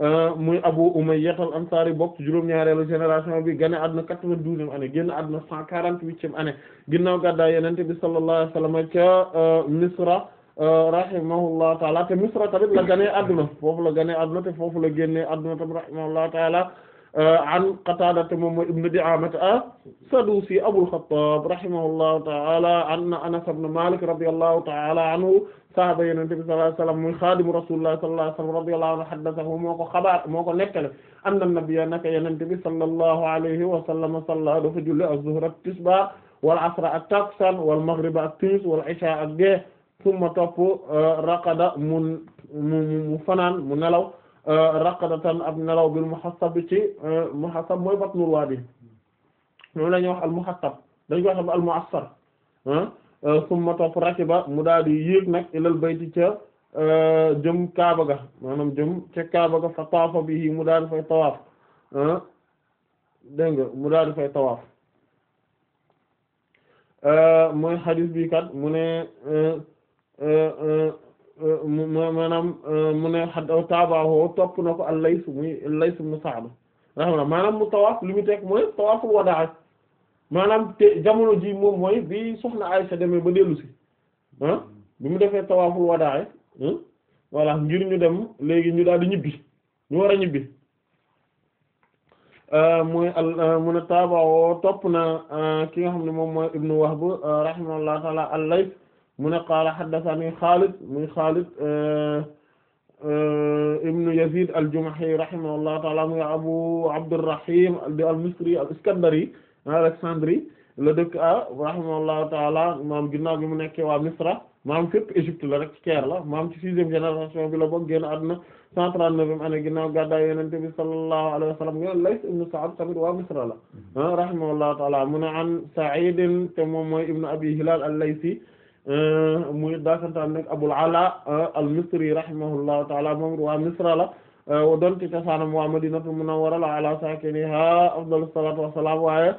Euh, muy Abu Umayya al-Ansari bokk ci juróom-ñaareelu génération bi gane àdduna quatre-vingt-douzième année génn àdduna cent quarante-huitième année ginnaaw gàddaay Yonent bi sallallahu alayhi wa sallam ca euh, Misra euh, rahimahullahu taala te Misra tamit la gane àdduna foofu la gane àdduna te foofu la génne àdduna tam rahimahullahu taala Euh, an Qatada moom mooy ibn Di'aamata as-Sadusi Abul Khattab rahimahullahu ta'ala anna Anas ibn Malik radiyallahu ta'ala anhu sahaaba Yonent bi sallallahu alayhi wasallam muy xaadimu Rasulullah sallallahu alayhi wasallam radiyallahu anhu haddathahu moo ko xabaar moo ko nettali anna nabiyya naka Yonent bi sallallahu alayhi wasallam salla dafa julli az-zuhra tisba wal asra ak taksan wal maghriba ak timis wal isha ak gee summa topp euh, raqada mu mu mu fanaan mu nelaw raqadatan ab nelaw bil muhassab ci euh, muhassab mooy batnul wadi moom la ñuy wax al muhassab dañ koy wax al mu'assar euh, summa topp rakiba mu daal di yéeg nag ilal bayti ca euh, jëm kaaba ga maanaam jëm ca kaaba ga fa taafa bihi mu daal di fay tawaaf mu daal di fay tawaaf mooy xadiis bi kat mu ne maanaam euh, mu ne xaw taabaaxoo topp na ko al-Layth muy al-Layth ibn Sa'd maanaam mu tawaaf li mu teg mooy tawaaful wadaa maanaam te jamono ji moom mooy bi soxna Aysa demee ba dellu si ah, bi mu defee tawaaful wadaa ah, voilà ngir ñu dem léegi ñu daal di ñibbi ñu war a ñibbi euh, mooy al euh, mu ne taabaaxoo topp na ki nga xam ne moom mooy Ibnu Wahb rahimahullah ta'ala al-Layth mu ne qaala haddathani Xaalid muy Xaalid euh, euh, ibnu Yazid al-Jumahi rahimahullahu ta'ala muy Abu Abdurrahim al-Misri al-Iskandari Alexandrie la dëkk a rahimahullahu ta'ala maam ginnaaw bi mu nekkee waa Misra maam fépp Égypte la rek ci Caire la maam ci sixième génération bi la bokk génn àdduna cent trente-neuvième année ginnaaw gàddaay Yonent bi sallallahu alayhi wa sallam ñoon Layth ibnu Sa'd tamit waa Misra la ah, rahimahullahu ta'ala mu ne an Sa'id te moom mooy ibnu Abi Hilal al-Laythi Euh, muy daakantaan nekk Abul Ala euh, al-Misri rahimahullahu ta'ala moom waa Misra la euh, donte cosaanam waa Madinatul Munawwara la ala saakinihaa afdalu salaatu wassalaam waaye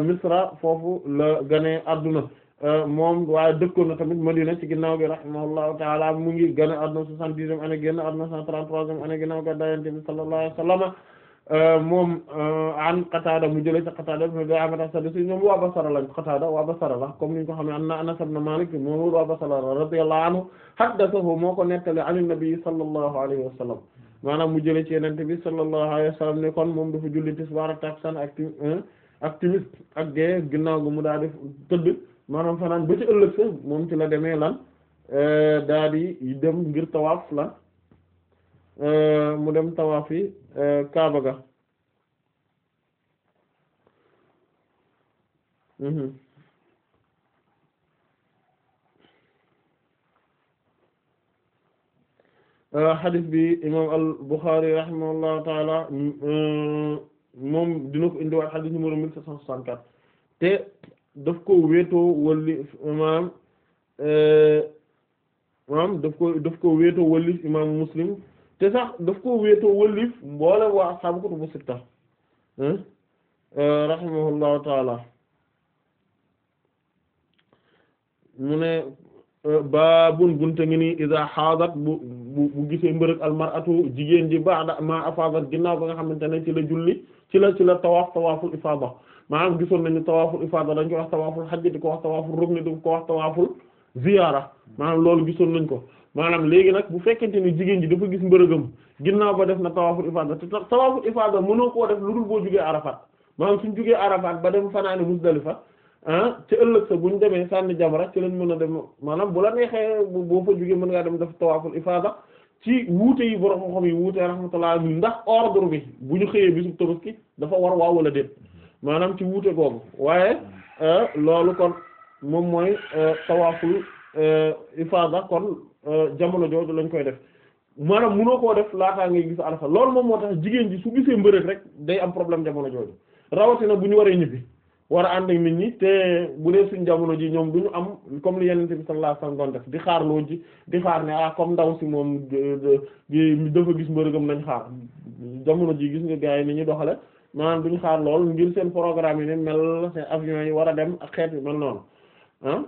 Misra foofu la gane adduna moom waaye dëkkoon na tamit Madina ci ginnaaw gi rahimahullahu ta'ala mu ngi gane adduna soixante-dixième année adduna cent trente-troisième année ginnaaw ga daayante bi sallallahu alayhi Euh, moom euh, an Qatada mu jëlee ci Qatada ibn Di'aamata as-Sadusi ñoom waa Basra lañ Qatada waa Basra la comme ni ñu ko xamee anna Anas ibn Maalik moom waa Basra la radiyallahu anhu haddathahu moo ko nettali an an-nabi sallallahu alayhi wa sallam maanaam mu jëlee ci Yonent bi sallallahu alayhi wa sallam ne kon moom dafa julli tisbaar a takkusaan ak ak timis ak gée ginnaaw mu daa def tëdd maanaam fanaan ba ci ëllëg sa moom ci la demee lan euh, daa di dem ngir tawaaf la dem tawaaf yi Kaaba ga xadis mm-hmm. uh, bi imam al-Bukhari rahimahullahu taala mm, uh, moom dina ko indiwaat xadis numéro mille sept cent soixante-quatre te daf ko wéetoo wali maanaam uh, maanaam daf ko daf ko wéetoo wali imam Muslim te sax daf ko wéetoo wëllif mboole waa ashaabu kutubu sitta euh, rahimahullahu taala mu ne euh, baabun bunte ngi nii iza a bu bu bu gisee mbërëg almaratu jigéen ji ba'da ma afaadat ginnaaw ba nga xam ne ci la julli ci la ci la tawaaf tawaaful ifaada maanaam gisoon nañu tawaaful ifaada dañ ko wax tawaaful xajj di ko wax tawaaful rukni di ko wax tawaaful ziyaara maanaam loolu gisoon nañ ko maanaam léegi nag bu fekkente ni jigéen ji dafa gis mbërëgam ginnaaw ba def na tawaaful ifaada te tawaaful ifaada mënoo koo def lu dul boo jugee Arafat maanaam suñ jugee Arafat ba dem fanaani Muzdalifa ah ci ëllëg sa buñ demee sànni jamra ci lañ mën a dem maanaam bu la neexee boo fa jugee mën ngaa dem def tawaaful ifaada ci wuute yi borom xam-xam yi wuute rahmatullah ndax ordre bi bu ñu xëyee bisub Tabaski dafa war waaw wala déet maanaam ci wuute googu waaye ah, loolu kon moom mooy ah, tawaaful ah, ifaada kon Euh, jamono jooju lañ koy def maanaam munoo koo def laataa ngay gis alfa loolu moom moo tax jigéen ji su gisee mbërëg rek day am problème jamono jooju rawatina bu ñu waree ñibbi war a ànd ak nit ñi te bu dee suñ jamono ji ñoom du ñu am comme li yenente bi sallallahu laa wasallam doon def di xaar loo ji di xaar ne ah comme ndaw si moom dafa gis mbërëgam nañ xaar jamono ji gis nga gars yi ni ñu doxale maanaam duñ xaar lool ngir seen programme yi ne mel seen avion yi war a dem ak xeet bi mel noonu ah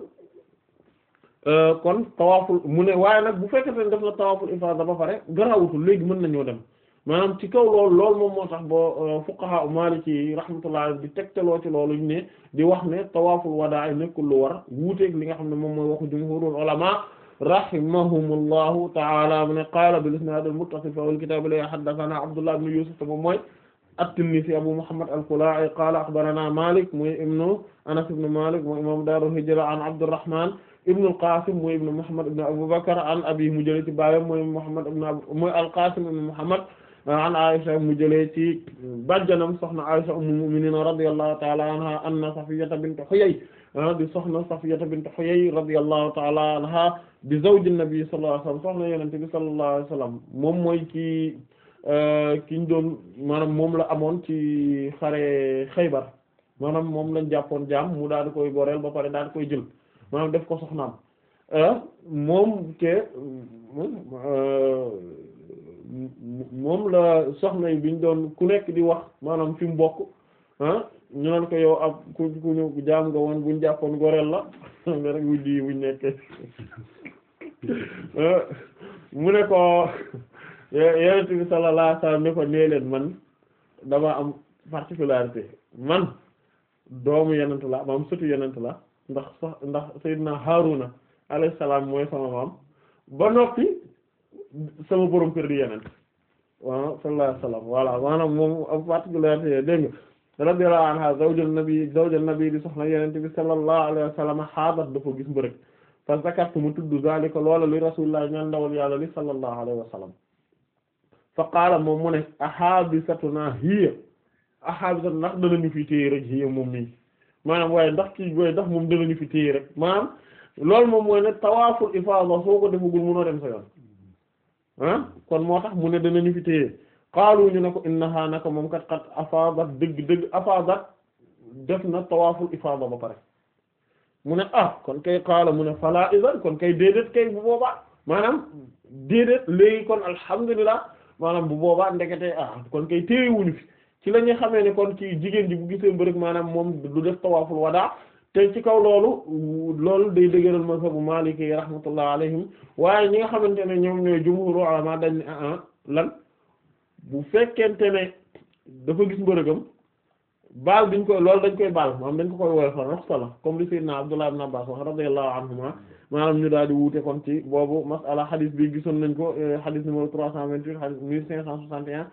Euh, kon tawaaful mu ne waaye nag bu fekkente ne def na tawaaful ifaada ba pare garawutul léegi mën nañoo dem maanaam ci kaw loolu loolu moom moo tax boo euh, fuqaha maliki rahmatullah di tegtaloo ci loolu ñu ne di wax ne tawaaful wadaa nekkul lu war wuuteeg li nga xam ne moom mooy waxu jumhurul ulama rahimahumullahu ta'ala mu ne qaala bil isnaad al muttasil fa wal kitaab la haddathana abdullah ibn yusuf moom mooy at-Tinnisi Abu Muhammad al-Kalaa'i qaala axbarana Malik muy ibnu Anas ibnu Malik muy imam daaru hijra an Abdurrahman ibn al-Qasim mooy ibn Muhammad ibn Abu Bakr an abi mu jëlee ci baayam mooy Muhammad ibn mooy al-Qasim ibn Muhammad an Aisha mu jëlee ci bàjjanam soxna Aisha ummul mu'minin radiyallahu ta'ala anha anna Safiyyata bint Huyay ah, di soxna Safiyyata bint Huyay radiyallahu ta'ala anha di zawji nabi sallallahu alayhi wasallam soxna yonent bi sallallahu alayhi wasallam moom mooy ki ah, ki ñu doon maanaam moom la amoon ci xare Xaybar maanaam moom lañ jàppoon jaam mu daal di koy goreel ba pare daal di koy jël maanaam def ko soxnaam euh, moom te euh, moom la soxna yi biñ doon ku nekk di wax maanaam fi mu bokk ñu naan ko yow ab ku ku ñu jaam nga woon buñ jàppoon goreel la nga rek wujj <laughs> euh, mu ne ko yonent bi sallallahu alayhi wasallam ne ko nee leen man dama am particularité man doomu yonent la maam sëtu yonent la ndax sax ndax Seydina Haaruna alayhi salaam mooy sama ba noppi sama borom kër di yeneen waaw sallallahu alayhi wasallam voilà maanaam moom am particularité dégg nga radiyallahu anha zawjul nabi zawjul nabi di soxna yenente bi sallallahu alayhi wa sallam xaabat dafa gis mbërëg fa zakartu mu tudd zalika loola li rasulullah ñaan ndawal yàlla li sallallahu alayhi wa sallam fa qaala moom mu ne ahabisatuna hiya ahabisatuna ndax danañu fii téye rek hiya moom nii maanaam waaye ndax ki waaye ndax moom danañu fi téye rek maanaam lool moom mooy ne tawaaful ifaada soo ko defagul mënoo dem sa ah kon moo tax mu ne danañu fi téye xaalu ñu ne ko na naka moom kat kat afaadat dëgg dëgg afaadat def na tawaaful ifaada ba pare mu ah kon kay xaala mu ne fala idan kon kay déedéet kay bu boobaa maanaam déedéet léegi kon alhamdulillah maanaam bu boobaa ndekete ah kon kay téye wuñu ci la ñuy xamee ne kon ci jigéen ji bu gisee mbërëg maanaam moom du def tawaaful wadaa te ci kaw loolu loolu day dëgëral mazhabu Maliki yi rahmatullah alayhim waaye ñi nga xamante ne ñoom ñooy jumhuru ulama dañ ah, lan bu fekkente ne dafa gis mbërëgam baal biñ koy lool dañ koy baal maanaam dañ ko koy woyofal roxsa la comme li sayyidina Abdullah ibn Abbas wax anhuma maanaam ñu daal di wuute kon ci boobu masala hadith bi gisoon nañ ko eh, hadith numéro trois cent vingt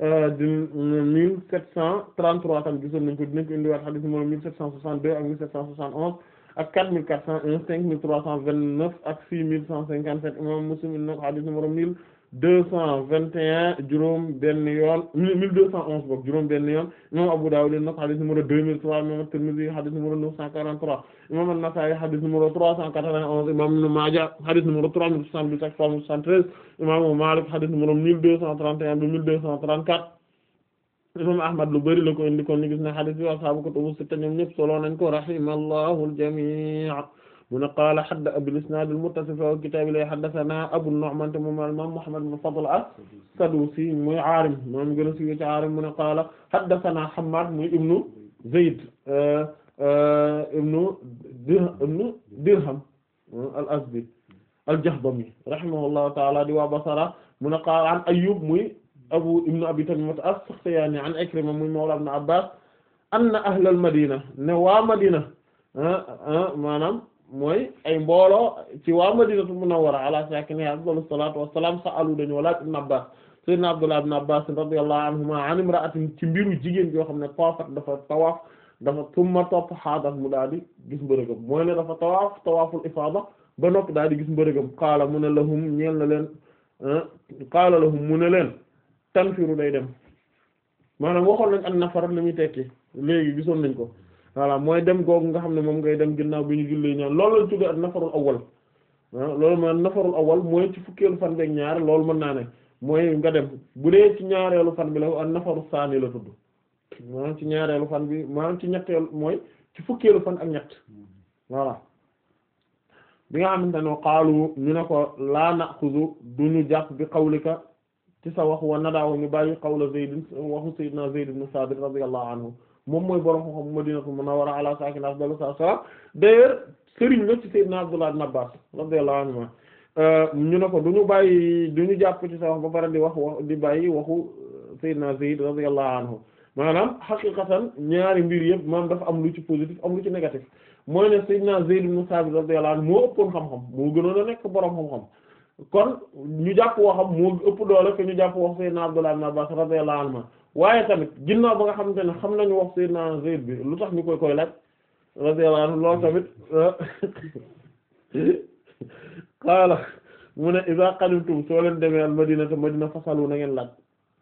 Euh, di euh, mille sept cent trente-trois tam gisoon nañ ko dinañ ko indiwaat xadis numéro mille sept ak mille sept cent soixante-onze ak quatre mille quatre cent un cinq mille trois cent vingt ak six mille cent cinquante-sept imam Muslim indi na ko deux cent vingt et un juróom benn yoon mille deux cent onze boog juróom benn yoon imam Abu Dawud na ko hadith deux mille trois imam At-Tirmidhi hadith numéro neuf cent quarante trois imam An-Nasa'i hadith numéro trois cent quatre vingt onze imam Ibn Majah hadith numéro trois mille soixante-douze ak trois mille soixante-treize imam Malik hadith numéro mille deux deux cent trente-quatre imam Ahmad lu bari la ko indi kon ni gis na hadith bi ashaabu kutubu sitta ñoom mu ne qaala hadda abil isnaad al muttasil fi kitaab la haddathana Abu Nu'man moom al-imaam Muhammad ibn Fadl as-Sadusi muy Aarim moom gën a siiwee ci Aarim mu ne qaala haddathana Hammaad muy ibnu Zayd eh, eh, ibnu ibnu Dirham al-Azdi al-Jahdami rahimahullahu ta'ala di waa Basra mu ne qaala an Ayyub muy Abu ibnu Abi Tamiima as-Sakhtiyaani an Ikrima muy mawla ibn Abbaas anna ahlal Madina ne waa Madina ah, ah, maanaam. mooy ay mbooloo ci waa Madinatu Munawwara ala saakinihaa a salaatu wassalaam sa'alu dañoo laaj Ibn Abbaas sayyidina Abdullah ibn Abbaas radiyallahu anhuma an imra'atin ci mbiru jigéen yoo xam ne tawaafat dafa tawaaf dafa tumma topp xaadat mu daal gis mbërëgëm mooy ne dafa tawaaf tawaaful ifaada ba nopp daal di gis mbërëgëm qaala mu ne lahum ñeel na leen ah, qaala lahum mu ne leen tanfiru day dem maanaam waxoon nañ an nafar li muy tekki léegi bisoon nañ ko voilà mooy dem googu nga xam ne moom ngay dem ginnaaw bi ñu jullee ñaan loolu la tuddee ak nafarul awwal ah, loolu man nafarul awwal mooy ci fukkeelu fan beeg ñaar loolu mën naa ne mooy nga dem bu dee ci ñaareelu fan bi la ak nafaru saani la tudd maanaam ci ñaareelu fan bi maanaam ci ñetteelu mooy ci fukkeelu fan ak ñett voilà bi nga xamante ne xaalu ñu ne ko laa naxuzu duñu jàpp bi xawlika ci wax wa nadaaw ñu bàyyi xawla Zayd waxu sayyidina Zayd moom mooy borom xam-xam Madinatul Munawwara ala sakin afdalu salaam d'ailleurs sëriñ la ci Seydina Abdullah ibn Abbas radiyallahu anhuma euh, ñu ne ko du ñu bàyyi du jàpp ci sa ba pare di wax wax di bàyyi waxu euh, Seydina Zayd radiyallahu anhu maanaam xaqiqatan ñaari mbir yëpp maanaam dafa am lu am lu ci négatif mooy ne Seydina Zayd ibn Sabit radiyallahu anhu moo ëppoon xam-xam moo gënoon a nekk borom xam-xam kon ñu jàpp waxam moo ëpp doole que ñu jàpp wax Seydina Abdullah ibn Abbas radiyallahu anhu waaye tamit ginnaaw ba nga xamante ne xam na nañu wax Seydina Zayd bi lu tax ñu koy koy laaj radiyallahu anhu loolu tamit euh, <laughs> qaala mu ne iza qadimtum soo leen demee al madina te madina fasalu na ngeen laaj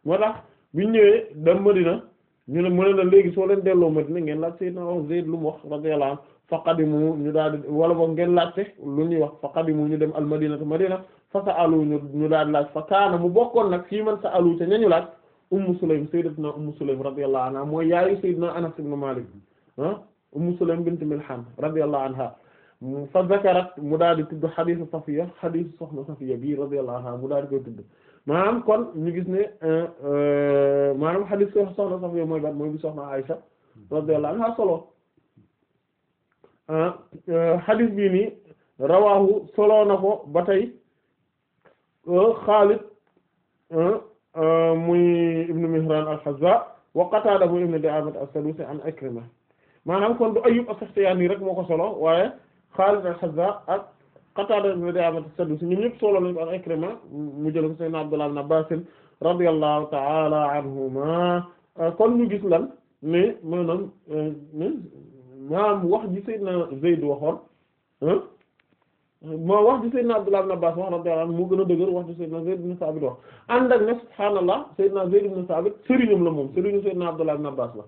moo tax bu ñëwee dem madina ñu ne mu ne la léegi soo leen delloo madina ngeen laaj Seydina wax Zayd lu mu wax radiyallahu anhu faqadimu ñu daal di wala boog ngeen laajte lu ñuy wax faqadimu ñu dem al madina te madina fa sa'alu ñu daal di laaj fa kaana mu bokkoon nag fii man sa'alu te ñañu laaj Ummu Sulaym sayyidatuna Ummu Sulaym radiyallahu anha mooy yaayu sayyidina Anas ibn Malik ah Ummu Sulaym bint Milhan radiyallahu anha fa zakarat mu daal di tudd xadiisu Safiya xadiisu soxna Safiya bi radiyallahu anha mu daal di koy tudd maanaam kon ñu gis ne eh, eh, maanaam xadiisu soxna Safiya mooy bat mooy bi soxna Aysa radiyallahu anha solo ah, eh, xadiis bii nii rawaahu solo na ko ba tey Xaalid Euh, muy ibnu Mihran al wa Qatada bu ibnu Di'amat as-Sadusi an Ikrima maanaam kon du Ayyub as-Saxtiyaani rek moo ko solo waaye Xaalid al-Hazza ak Qatada ibnu Di'amat as solo nañu ko an mu jël ko Sayyidina Abdullah ibn Abbas radiyallahu ta'ala anhuma euh, kon ñu gis lan ne maanaam euh, wax ji Sayyidina Zayd waxoon moo wax di Seydina Abdullah ibn Abbas wax radiyallahu anhu moo gën a dëgër wax di Seydina Zayd ibn Sabit wax ànd ak ne subhaanallah Seydina Zayd ibn Sabit sëriñam la moom sëriñu Seydina Abdullah ibn Abbas la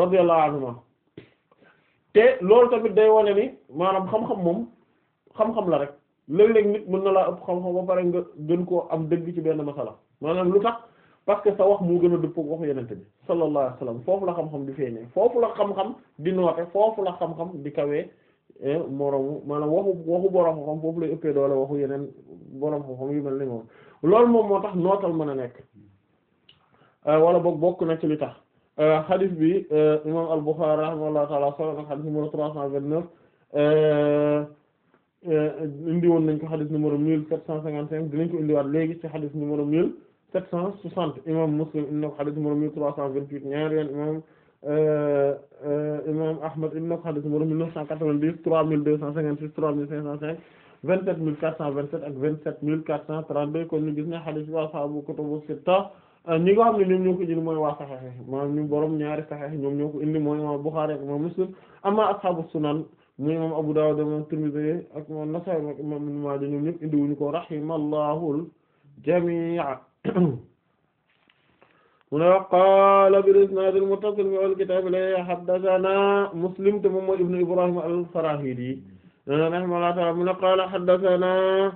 radiyallahu anhuma te loolu tamit day wone ni maanaam xam-xam moom xam-xam la rek léeg-léeg nit mën na laa ëpp xam-xam ba pare nga gën koo am dëgg ci benn masala maanaam lu tax parce que sa wax moo gën a dëppook waxu yenente bi sallallahu alayhi foofu la xam-xam di feeñee foofu la xam-xam di noote foofu la xam di kawee Eh, moromu maanaam waxu waxu borom xam foofu lay ëppee doole waxu yeneen borom xam yu mel ni moom loolu moom moo tax nootal mën a nekk eh, wala boog bokk na ci li tax eh, xadis bi imam al-Bukhari rahimahullahu ta'ala solo na xadis numéro trois cent vingt-neuf indi woon nañ ko xadis numéro mille sept cent cinquante-cinq dinañ ko indiwaat léegi ci xadis numéro mille sept cent soixante imam Muslim indi na ko xadis numéro mille trois cent vingt-huit ñaari yoon Euh, euh, imam Ahmad indi na ko xadis numéro 1990 3256 3505 27427 ak 27432 kon ñu gis ne xadis bi waa sahaabu kutubu sitta euh, ñi nga xam ne ñoom ñoo ko indi mooy waa saxeex maanaam ñu borom ñaari saxeex ñoom ñoo ko indi mooy imam Bukhari ak Muslim amma ashaabu sunan muy imam Abu Dawud imam Tirmidhi ak imam Nasa'i ak imam Ibn Maaja ñoom ñëpp ko rahimallahu al mu ne qaala bil isnaad al muttasil fi al kitaab la haddasanaa Muslim te moom mooy ibnu Ibraahiim al-Faraahiidi rahimahullahu ta'aala mu ne qaala haddasanaa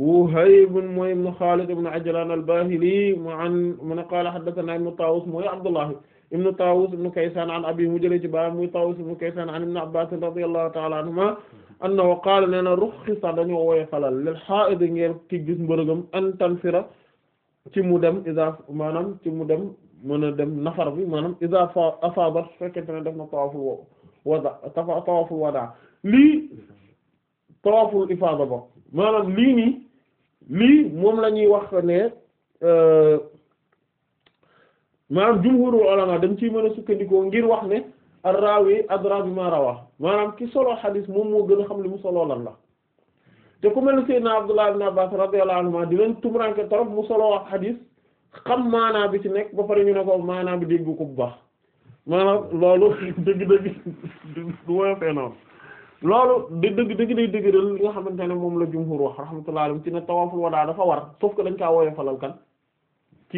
Wuhayb mooy ibnu Xaalid ibnu Ajlaan al-Baahili mu an mu ne qaala haddasanaa ibnu Taawus mooy Abdullahi ibnu Taawus ibnu Kaysaan an abiihi mu jëlee ci baayam muy Taawus ibnu Kaysaan an ibnu Abbaas radiyallahu ta'aala anhumaa annahu qaala nee na ruxxisa dañoo woye falal lil haa'id ngeen ki gis mbërëgam an tanfira ci mu dem iza maanaam ci mu dem mën a dem nafar bi maanaam isa asabat fekkente ne def na tawaful wo wada tawaful wada lii tawaful ifada ba maanaam lii nii lii moom la ñuy wax ne euh, maanaam jumhurul ulama dañ ci mën a sukkandikoo ngir wax ne ar-rawi adra bima rawa maanaam ki solo xadis moom moo gën a xam li mu solo lan la te ku mel ne Seydina Abdullah ibn Abbas radiyallahu anhu dinañ tumranke torop mu solo wax xadis xam maanaa bi ci nekk ba pare ñu ne ko maanaa bi dégg ko bu baax maanaam loolu dëgg-dëgg du woyofee noonu loolu dëgg dëgg day dëgg dal li nga xamante ne moom la jumhur wax rahmatullah alam ci ne tawaaful wadaa dafa war sauf que dañ kaa woyofalal kan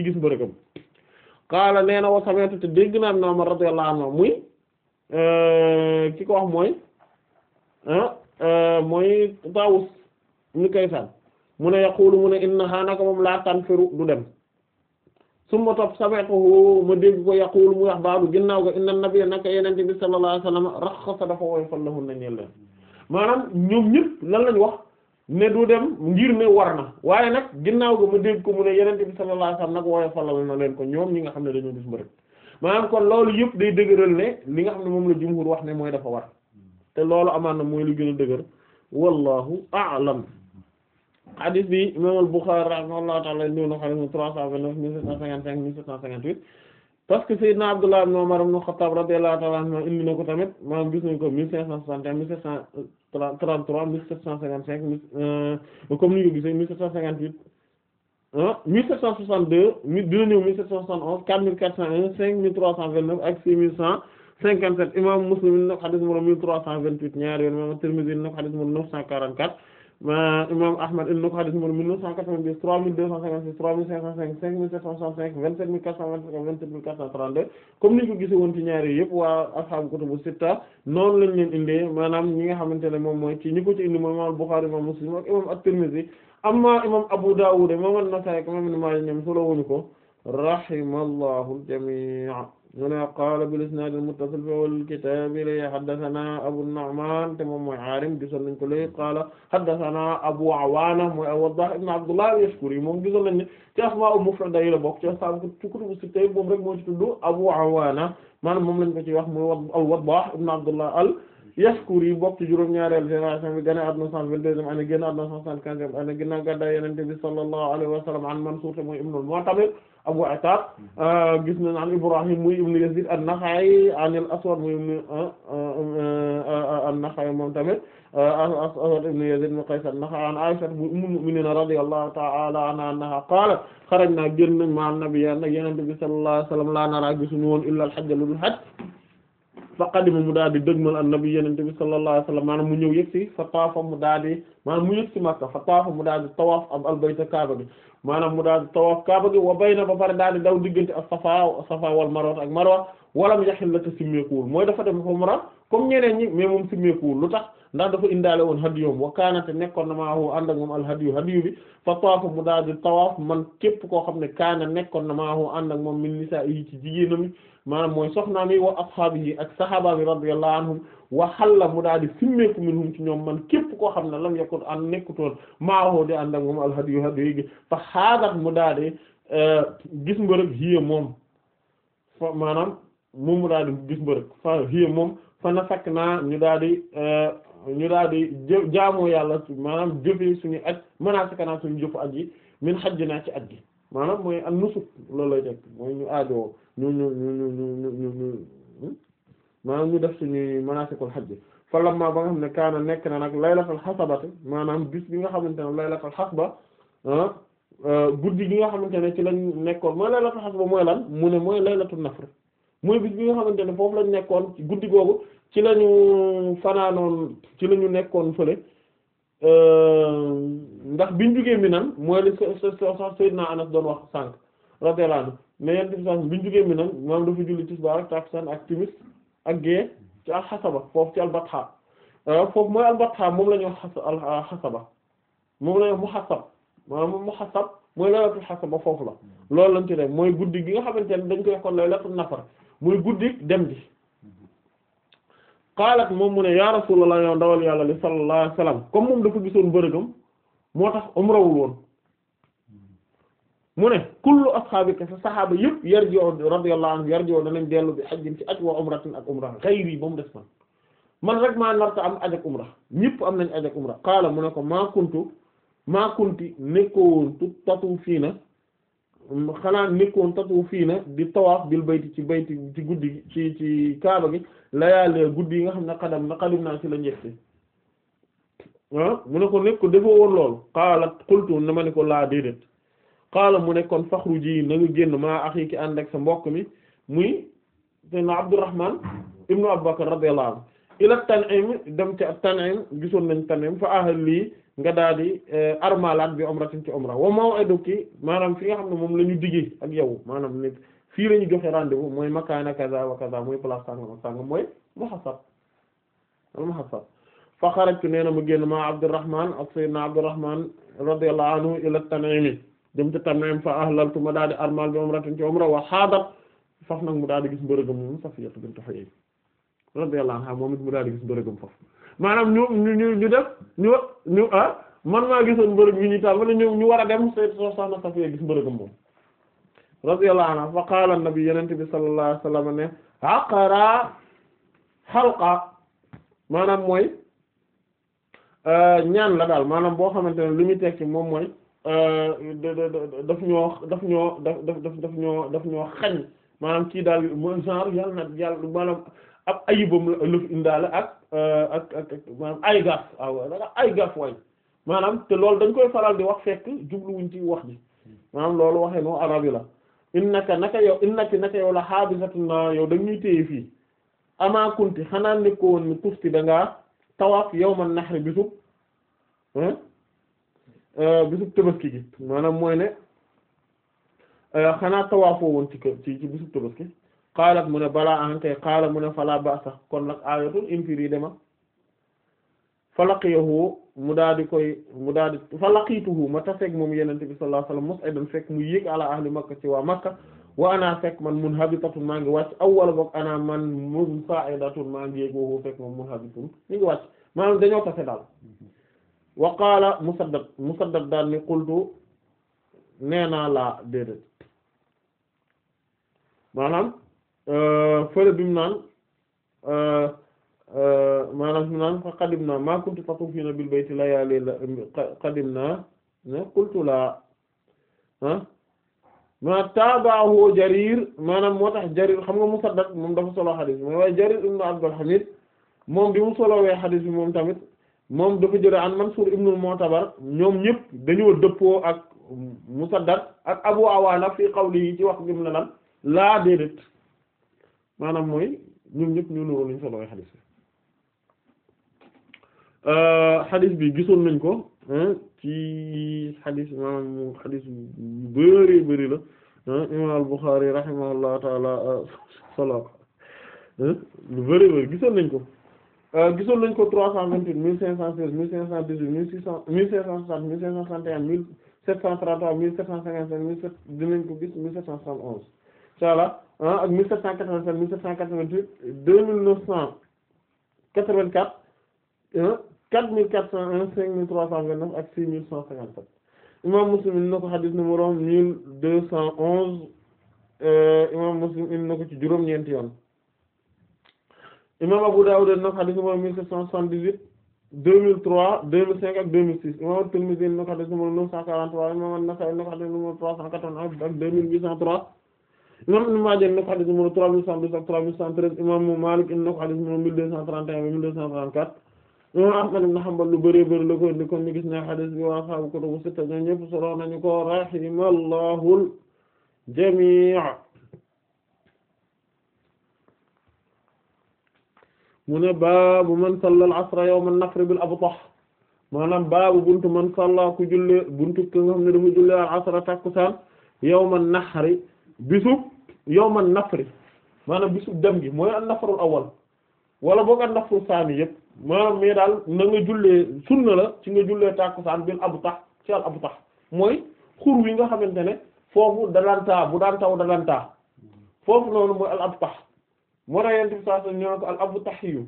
gis mbërëkam qaala na wa dégg naa na ma radiyallahu anhu muy euh, ki ko wax mooy ah, euh, mooy Tawus ibn Kaysan mu ne yaqulu mu ne innaha naka moom laa tanfiru du dem summa topp sami'tuhu ma dégg ko yaqulu mu wax baadu ginnaaw ga inna nabiyya naka yenente bi sallallahu alayhi wasallam raxasa dafa woyofal lahun na ñeel leen maanaam ñoom ñëpp lan lañ wax ne du dem ngir ne war na waaye nag ginnaaw ga ma dégg ko mu ne yenente bi sallallahu alayhi wasallam nag woyofal na leen ko ñoom ñi nga xam ne dañoo gis mbërëg maanaam kon loolu yëpp day dëgëral ne li nga xam ne moom la jumhur wax ne mooy dafa war te loolu amaan na mooy li gën a dëgër wallahu a'lam hadith bi imam al-Bukhari rahimahullahu ta'ala indi na ko hadith trois cent vingt-neuf mille sept cent cinquante-cinq mille sept cent cinquante-huit parce que Abdullah ibn Umar ibn Khattab radiyallahu ta'ala anhu ko tamit maanaam gis nañ ko sept cent trente-trois mille sept cent cinquante-cinq mille euh, comme ni ko gisee mille sept cent cinquante-huit ah, mille sept cent soixante-deux dina ñëw mille sept cent soixante-onze quatre mille quatre cent un cinq mille trois cent vingt-neuf ak six mille cent 57 imam imam Ahmad indi na ko xadis numéro mille neuf cent quatre-vingt-dix, trois mille deux cent cinquante-six, trois mille cinq cent cinq, cinq mille sept cent cinq vingt-sept mille quatre cent vingt-cinq, vingt-sept mille quatre cent trente-deux comme niñ ko gise woon ci ñaari yëpp waa ashaabu kutubu sitta noonu lañ leen indee maanaam ñi nga xamante ne moom mooy ci ñi ko ci indi mooy imam Bukhari imam Muslim imam At-Tirmidhi amma imam Abu Dawud imam An-Nasa'i ak imam Ibn ñoom solo ko rahimallahu al muna qaala bil isnaad al muttasil fi awwal kitaab li haddasanaa Abu Nu'maan te moom mooy Aarim gisoon nañ ko léegi qaala haddasanaa Abu Awaana mooy Waddaah ibn Abdullah al-Yashkuri moom gisoon nañ ne ci asmaa'u mufrada yi la bokk ci ashaabu kutubu sitta moom rek moo ci tudd Abu Awaana maanaam moom lañ ko ci wax mooy al-Waddaah ibn Abdullah al-Yashkuri bokk ci juróom-ñaareelu génération bi gane àdduna 122e année génn àdduna 175e année ginnaaw gàddaay Yonent bi sallallahu alayhi wa sallam an Mansuur mooy ibn al-Mu'tamir Abu Attab hmm. euh, gis nañ an Ibrahim muy ibn Yazid an-Nakha'i an al-Aswad muy ibn euh, euh, an-Nakha'i moom tamit al-Aswad ibn Yazid ibn Qays an-Nakha'i an Aisha ummul mu'minin radiyallahu ta'ala anha annaha qalat kharajna génn nañ ma an-nabiy nag Yonent bi sallallahu alayhi wa sallam la nara gisuñu woon illa al-hajj lul hajj fa qadima mu daal di dëgmal annabi yenente bi sallallahu alayhi wasallam maanaam mu ñëw yëg si fa taafa mu daal di maanaam mu yëg si Makka fa taafa mu daal di tawaaf bi maanaam mu daal di tawaaf kaaba gi wa bayna ba pare daal di daw diggante ak safa safa wal marwa ak marwa walam yaxil la te simmeekuwul mooy dafa dem umra comme ñeneen ñi mais moom simmeekuwul lu tax ndax dafa indaale woon hadiyum wa kaanate nekkoon na maahu ànd ak al hadiyu hadiyu bi daal di man képp koo xam ne kaana nekkoon na maahu ànd ak moom min nisaa yi ci maanaam mooy soxnaam yi wa ashaabihi ak sahaaba bi radiyallahu anhum wa xalla mu daal di simmeeku minhum ci ñoom man képp koo xam ne lam yakun an nekkutoon maawo di ànd ak moom alhadiyu hadiyu gi fa xaadat mu daal di euh, gis mbërëg hiya moom fa maanaam moom mu daal di gis mbërëg fa hiya moom fa na fakk naa ñu daal di euh, ñu daal di jaamoo yàlla maanaam jëfee suñu aj manaa si kanaa suñu jëfu aj yi min xajj naa ci aj gi maanaam mooy an nusuk loolu lay teg mooy ñu aajoo ñu ñu ñu ñu ñu ñu ñu hmm? maanaam ñu def suñuy manasikul xaj ji fa lamma ba nga xam ne kaana nekk na nag laylatul xasabati maanaam bis bi nga xamante ne laylatul xasba ah, euh, guddi gi nga xamante ne ci lañ nekkoon mooy laylatul xasba mooy lan mu ne mooy laylatul nafr mooy bis bi nga xamante ne foofu lañ nekkoon guddi googu ci lañu fanaanoon ci lañu nekkoon fële Euh, ndax biñ jugee Minan mooy li so Anas doon wax sànq radiyallahu anhu mais yent bi sax biñ jugee Minan moom dafa julli tisbaar ak takkusaan ak timis ak gée ci al-Hasaba foofu ci al-Batha euh, foofu mooy al-Batha moom la ñuy wax al-Hasaba euh, moom la ñuy wax mu maanaam muhassab mooy laylatul hasaba foofu la loolu lañ ci def mooy guddi gi nga xamante ne dañ koy xool laylatul nafar mooy guddi dem gi qaalat moom mu ne ya rasulullah yow ndawal yàlla li sallallahu alayhi wasallam comme moom dafa gisoon bërëgam moo tax umrawul woon mu ne kullu asxaabika sa saxaaba yëpp yarji'u radiyallahu anhu yarji'u danañ dellu bi hajjin ci aj wa umratin ak umra ghayri ba mu des man man rek maa narta am aj ak umra ñëpp am nañ aj ak umra qaala mu ne ko maa kuntu maa kunti nekkoon tatu fii na xanaa nekkoon tatu fii na di tawaaf bil bayti ci bayti ci guddi ci ci kaaba gi layaale guddi yi nga xam ne xadam na xadim naa ci la njëkk ah mu ne ko nekk ko defoo woon loolu xaalat xultu na ma ne ko laa déedéet xaala mu ne kon faxru ji na nga génn maa axi ki ànd ak sa mbokk mi muy seydna Abdurrahman ibnu Abubakar radiyallahu anhu ila Tan'im dem ca Tan'im gisoon nañ Tan'im fa ahal lii nga daal di euh, armalaat bi umratin ci umra wa maw'iduki maanaam fi xam ne moom la ñu digee ak yow maanaam ne fii la ñu joxe rendez-vous mooy makaana kaza wa kaza mooy place sàngam ak sàngam mooy muhassab al muhassab fa xarajtu nee na ma génn ma Abdurrahman ak sayyidna Abdurrahman radiyallahu anhu ila Tan'im dem ci Tan'im fa ahlaltu ma daal di armal bi umratin ci umra wa xaadat faf nag mu daal di gis mbërëgam moom Safiyyatu bint Huyay radiyallahu anha moom it mu daal di maanaam ñu ñu ñu def ñu ñu ah man maa gisoon mbërëg bi ñu taal wala ñu ñu war a dem say soxna Safiya gis mbërëgam moom radiyallahu anha fa qaala an-nabi yonent bi sallallahu alayhi wasallam ne aqara halqa maanaam mooy euh, ñaan la daal maanaam boo xamante ne li muy tekki moom mooy euh, daf ñoo daf ñoo daf daf daf ñoo daf ñoo xañ maanaam kii daal mooy genre yàlla na yàlla maanaam ab ayibam la fi indaale euh, ak maanaam ay gaaf waaw maanaam te loolu dañ koy faral di wax fekk jubluwuñ ci wax ji maanaam loolu waxee noo arab yi la innaka naka yow innaki naka yow la xaabisatuna yow dañuy téye fii amaa kunti xanaa nekkoo woon ni tufti da ngaa tawaaf yawman nahr bisub euh, bisub tabaski gi maanaam mooy ne euh, xanaa tawaafoo woon ci ci ci bisub xaalat mu ne balaa ankay xaala mu ne fala basa kon nag ayatul impiri dema falaqiyahu mu daa koy mu daa di falaqituhu ma taseeg moom yenente bi sallallahu mu yéeg maa ngi wàcc maa ngi dañoo tase daal wa qaala musaddad musaddad daal ni qultu nee naa laa déedéet maanaam Euh, fële naan mu naan maanaam bi mu naan euh, euh, qadimna ma kunti tatufina bil bayti layali qadimna qultu la ah, ma taabaahu jarir maanaam moo tax jarir xam nga musaddad moom dafa solo xadis moom bi mu solowee xadis moom tamit moom dafa jële an mansuur ibnul mu'tabar ñoom ñëpp dañoo dëppoo ak musaddad ak abu awaana fi qawli yi ci wax bi mu ne lan laa déedéet maanaam mooy ñoom ñëpp ñoo nuroo luñ solooy xadis bi euh, xadis bi gisoon nañ ko ci xadis maanaam xadis yu bari bari la imam al-Bukhari rahimahullahu taala euh, <laughs> solo lu bari bari gisoon nañ ko euh, gisoon nañ ko trois cent vingt-huit mille cinq cent seize mille cinq cent dix-huit mille six cent mille cinq cent soixante mille cinq cent soixante et un mille sept cent trente-trois mille sept cent cinquante-cinq mille sept dinañ ko gis mille sept cent soixante et onze taala ah, ak 1787 1788 2984 4401 5329 ak 6157 imam Muslim indi na ko xadis numéro 1211 euh, imam Muslim indi na ko ci juróom-ñeenti yoon imam Abu Dawud indi na ko xadis numéro 1778 2003 2005 ak 2006 imam Tirmidhi indi na ko xadis numéro 943 imam An-Nasa'i indi na ko xadis numéro 381 ak 2803 imam Ibn Maaja indi na ko xadis numéro 3112 ak 3113 imam Maalik indi na ko xadis numéro 1231 ba 1234 imam Ahmad ibn Hanbal lu bëree bëri la ko indi kon ñu gis ne xadis bi waa ashaabu kutubu sitta ñoom ñëpp solo nañu ko rahimallahu jamii mu ne baabu man salla al-asra yawma an-nafr bil abtah maanaam baabu buntu man salla ku julli buntu ki nga xam ne dafa julli al-asra takkusaan yawma an-nahri bisub yawman nafri maanaam bisub dem gi mooy an nafrul awal wala boog an nafrul saani yëpp maanaam mais daal na nga jullee sunna la ci nga jullee tàkkusaan bi abu tax ci al abu tax mooy xur wi nga xamante ne foofu da daan taa bu daan taw da daan taa foofu noonu mooy al abu tax moo tax yenent bi sallallahu alayhi wasallam ko al abu tax yu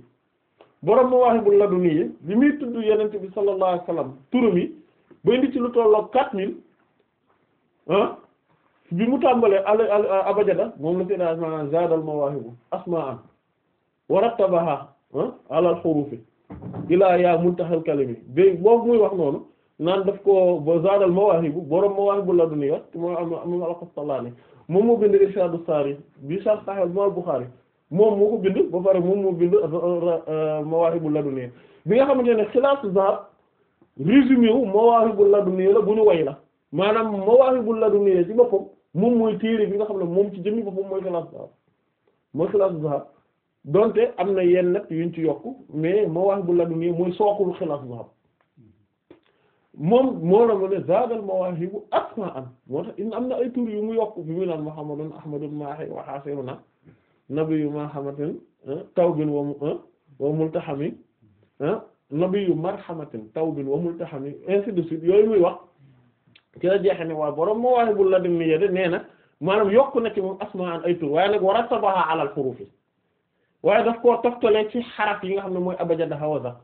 borom mu waxee bu laddu nii li muy tudd yenent bi sallallahu alayhi wasallam turam yi ba indi ci lu tollook quatre mille ah, bi mu tàmbalee al abajada moom la seen asmaa zaadal mawaahibu asmaan wa rattabaha alal xurufi ilaa yaa muntahal kalimi bi boobu muy wax noonu naan daf ko ba zaadal mawaahibu borom mawaahibu la duniya moom moo bind Irshaadu Saari bi Sharh Sahih al moom moo ko bind ba pare moom moo bind mawaahibu la duniya bi nga xamante ne xilaasu zaar résumé mawaahibu la duniya la bu ñu way la maanaam mawaahibu la duniya ci boppam moom mooy téere bi nga xam ne moom ci jëmmi boppam mooy xilaasu zahab mooy xilaasu zahab donte am na yenn nag yuñ ci yokk mais Mawâhibul Laduniyya mooy sookul xilaasu zahab moom moo la ma ne zaadal mawaahibu asma'an moo tax in am na ay tur yu mu yokk bi mu naan Muhammadun Ahmadun Maahi wa Haasiruna nabiyyu marhamatin eh, tawbin wa eh, wa multahamin eh, nabiyyu marhamatin tawbin wa multahamin ainsi de suite yooyu muy wax ci la jeexe ne waaw borom Mawaahibul Ladunniya mi nee na maanaam yokk na ci moom asmaan ay tur waaye nag war a sabaha alal xurufi waaye daf koo toftale ci xaraf yi nga xam ne mooy abajada hawaza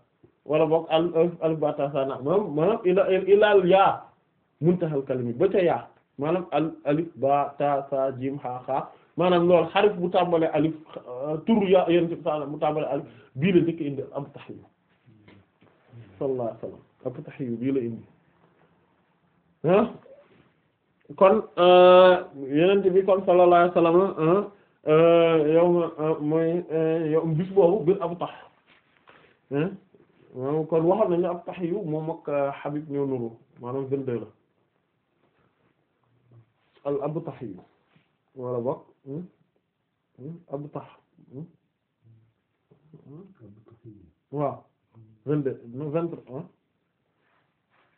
wala boog al al batasana maanaam maanaam ila ilal yaa muntahal kalimi ba ca yaa maanaam al alif ba ta sa jim ha ha maanaam loolu xarif bu tàmbalee alif tur ya yéen ci sa bu tàmbalee alif bii la njëkk indi ab tahiyyu sallallahu alayhi wasallam ab tahiyyu bii la indi kon euh, yeneen bi kon sallallahu alayhi wa euh, euh, mooy yow bis boobu biir Abu Tah kon waxoon nañu Abu Tah yu moom Habib ñoo nuru maanaam al Abu Tah yu Abu Tah waaw 22 23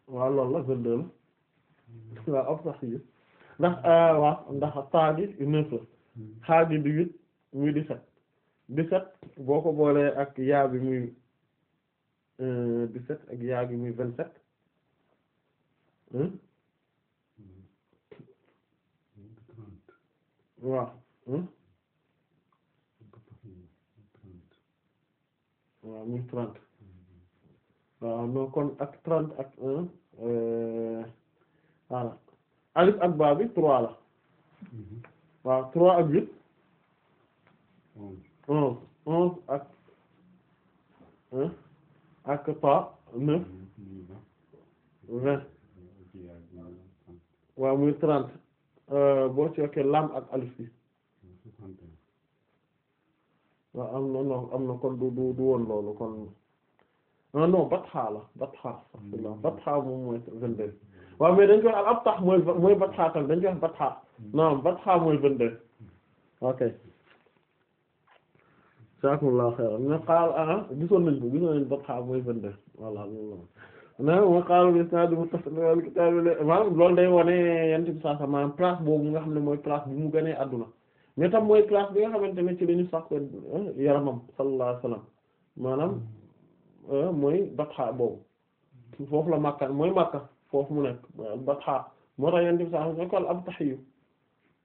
waaw loolu la waaw ab sax yi ndax euh, waaw ndax taa gi neuf la hmm. xaa gi di huit muy dix-sept dix-sept boo ko boolee ak yaa bi muy euh, dix-sept ak yaa bi muy vingt-sept hmm? Hmm? waaw muy trente waaw non kon ak trente ak euh, voilà alif ak baa bi trois la mhm. waaw trois ak huit onze onze ak un ak pa neuf vingt waaw muy trente euh, boo ci lam ak alif bi waaw am na non am na kon du du du woon loolu kon ah non non batxaa la batxaa mm-hmm. batxaa moom mooy vingt-deux waaw mais dañ koy al abtah mooy mooy batha tam dañ koy wax batha hmm. naam batha mooy vingt-deux hmm. ok jazakumullahu xayran na qaal ah, ah gisoon nañ ko gisoon nañ batha mooy vingt-deux voilà loolu na ma qaala bi isnaadi muttasil wal kitaab maanaam loolu day wane yent bi saa sa maanaam place boobu nga xam ne mooy place bi mu gënee adduna mais tam mooy place bi nga xamante ne ci la ñu sax ko eh, yaramam sallallahu alayhi wasallam maanaam hmm. eh, mooy batha boobu foofu la Makka mooy Makka foofu mu nekk Batha moo tax yonent bi sallallahu alayhi wasallam ab taxiyu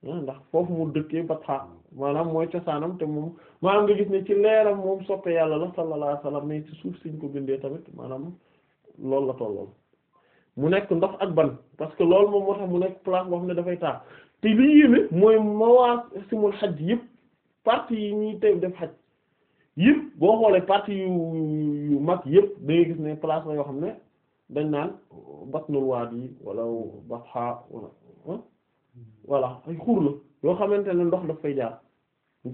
ndax foofu mu dëkkee Batha maanaam mooy cosaanam te moom maanaam nga gis ne ci leeram moom soppe yàlla la sallallahu alayhi wasallam mais ci suuf siñ ko bindee tamit maanaam loolu la tolloon mu nekk ndox ak ban parce que loolu moom moo tax mu nekk place boo xam ne dafay taa te li yéeme mooy mawaasimul xaj yëpp partie yi ñuy tey def xaj yëpp boo xoolee partie yu yu mag yëpp da gis ne place la yoo xam ne dañ naan batnul waadi wala batha wala ah, voilà ay xur la yoo xamante ne ndox daf fay jaar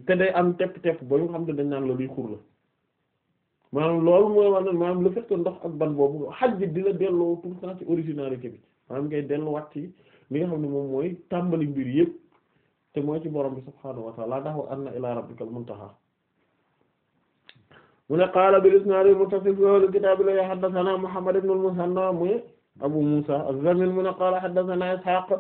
te day am tepp-tepp ba ñu xam ne dañ naan la luy xur la maanaam loolu mooy war na maanaam le fait que ndox ak ban boobu xaj bi di la delloo tout le temps ci originalité bi maanaam ngay delluwaat ci li nga xam ne moom mooy tàmbali mbir yëpp te mooy ci borom bi subhaanahu wa ta'ala ndax wa anna ilaa rabbikal muntaha mu ne qaala bil isnaad al-muttasil fii awwal kitaab la haddathana Muhammad ibn al-Muthanna muy Abu Musa az-Zamin mu ne qaala haddathana Ishaq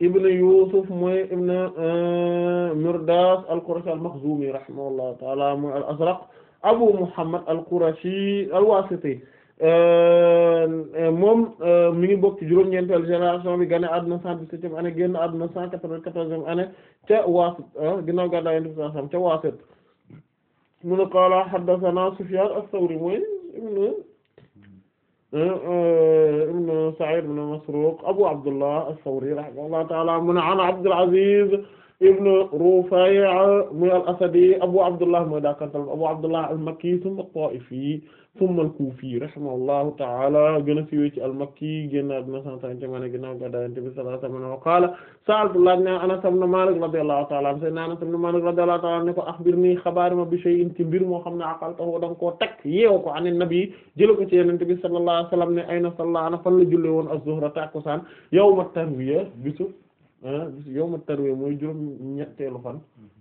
ibn Yusuf muy ibn euh, Mirdas al-Qurashi al-Makhzumi rahimahullahu ta'ala muy al-Azraq Abu Muhammad al-Qurashi al-Wasiti euh, moom euh, mi ngi bokk ci juróom-ñeenteelu génération bi gane àdduna cent dix-septième année génn àdduna cent quatre-vingt-quatorzième année ca Waasit ginnaaw bi mu ne qaala haddathana Sufyaan as-Sawri mooy ibnu eh, ibnu Sa'iid ibnu Masruuq Abu Abdullah as-Sawri rahimahullahu ta'aala mu ne an Abdul Aziz ibnu Rufay' muy al-Asadi Abu Abdullah mooy daa kantal Abu Abdullah al-Makki thumma at-Taa'ifi thumma al-Kufi rahimahullahu ta'ala gën a siiwee ci al-Makki génn àdduna 130 man ginnaaw gàddaay Yonent bi sallallahu alayhi wa sallam qaala sa'altu laaj naa Anas ibn Maalik radiyallahu ta'ala anhu sayyidinaa Anas ibn Maalik radiyallahu ta'ala ne ko akhbirnii xabaar ma bi shay'in ci mbir moo xam ne aqaltahu da nga koo teg yeewu ko an nabi jële ko ci Yonent bi sallallahu alayhi wa sallam ne ayna salla ana fan la jullee woon az-zuhra tàkkusaan yawma tarwiya bisu ah, bisu yawma tarwiya mooy juróom-ñetteelu fan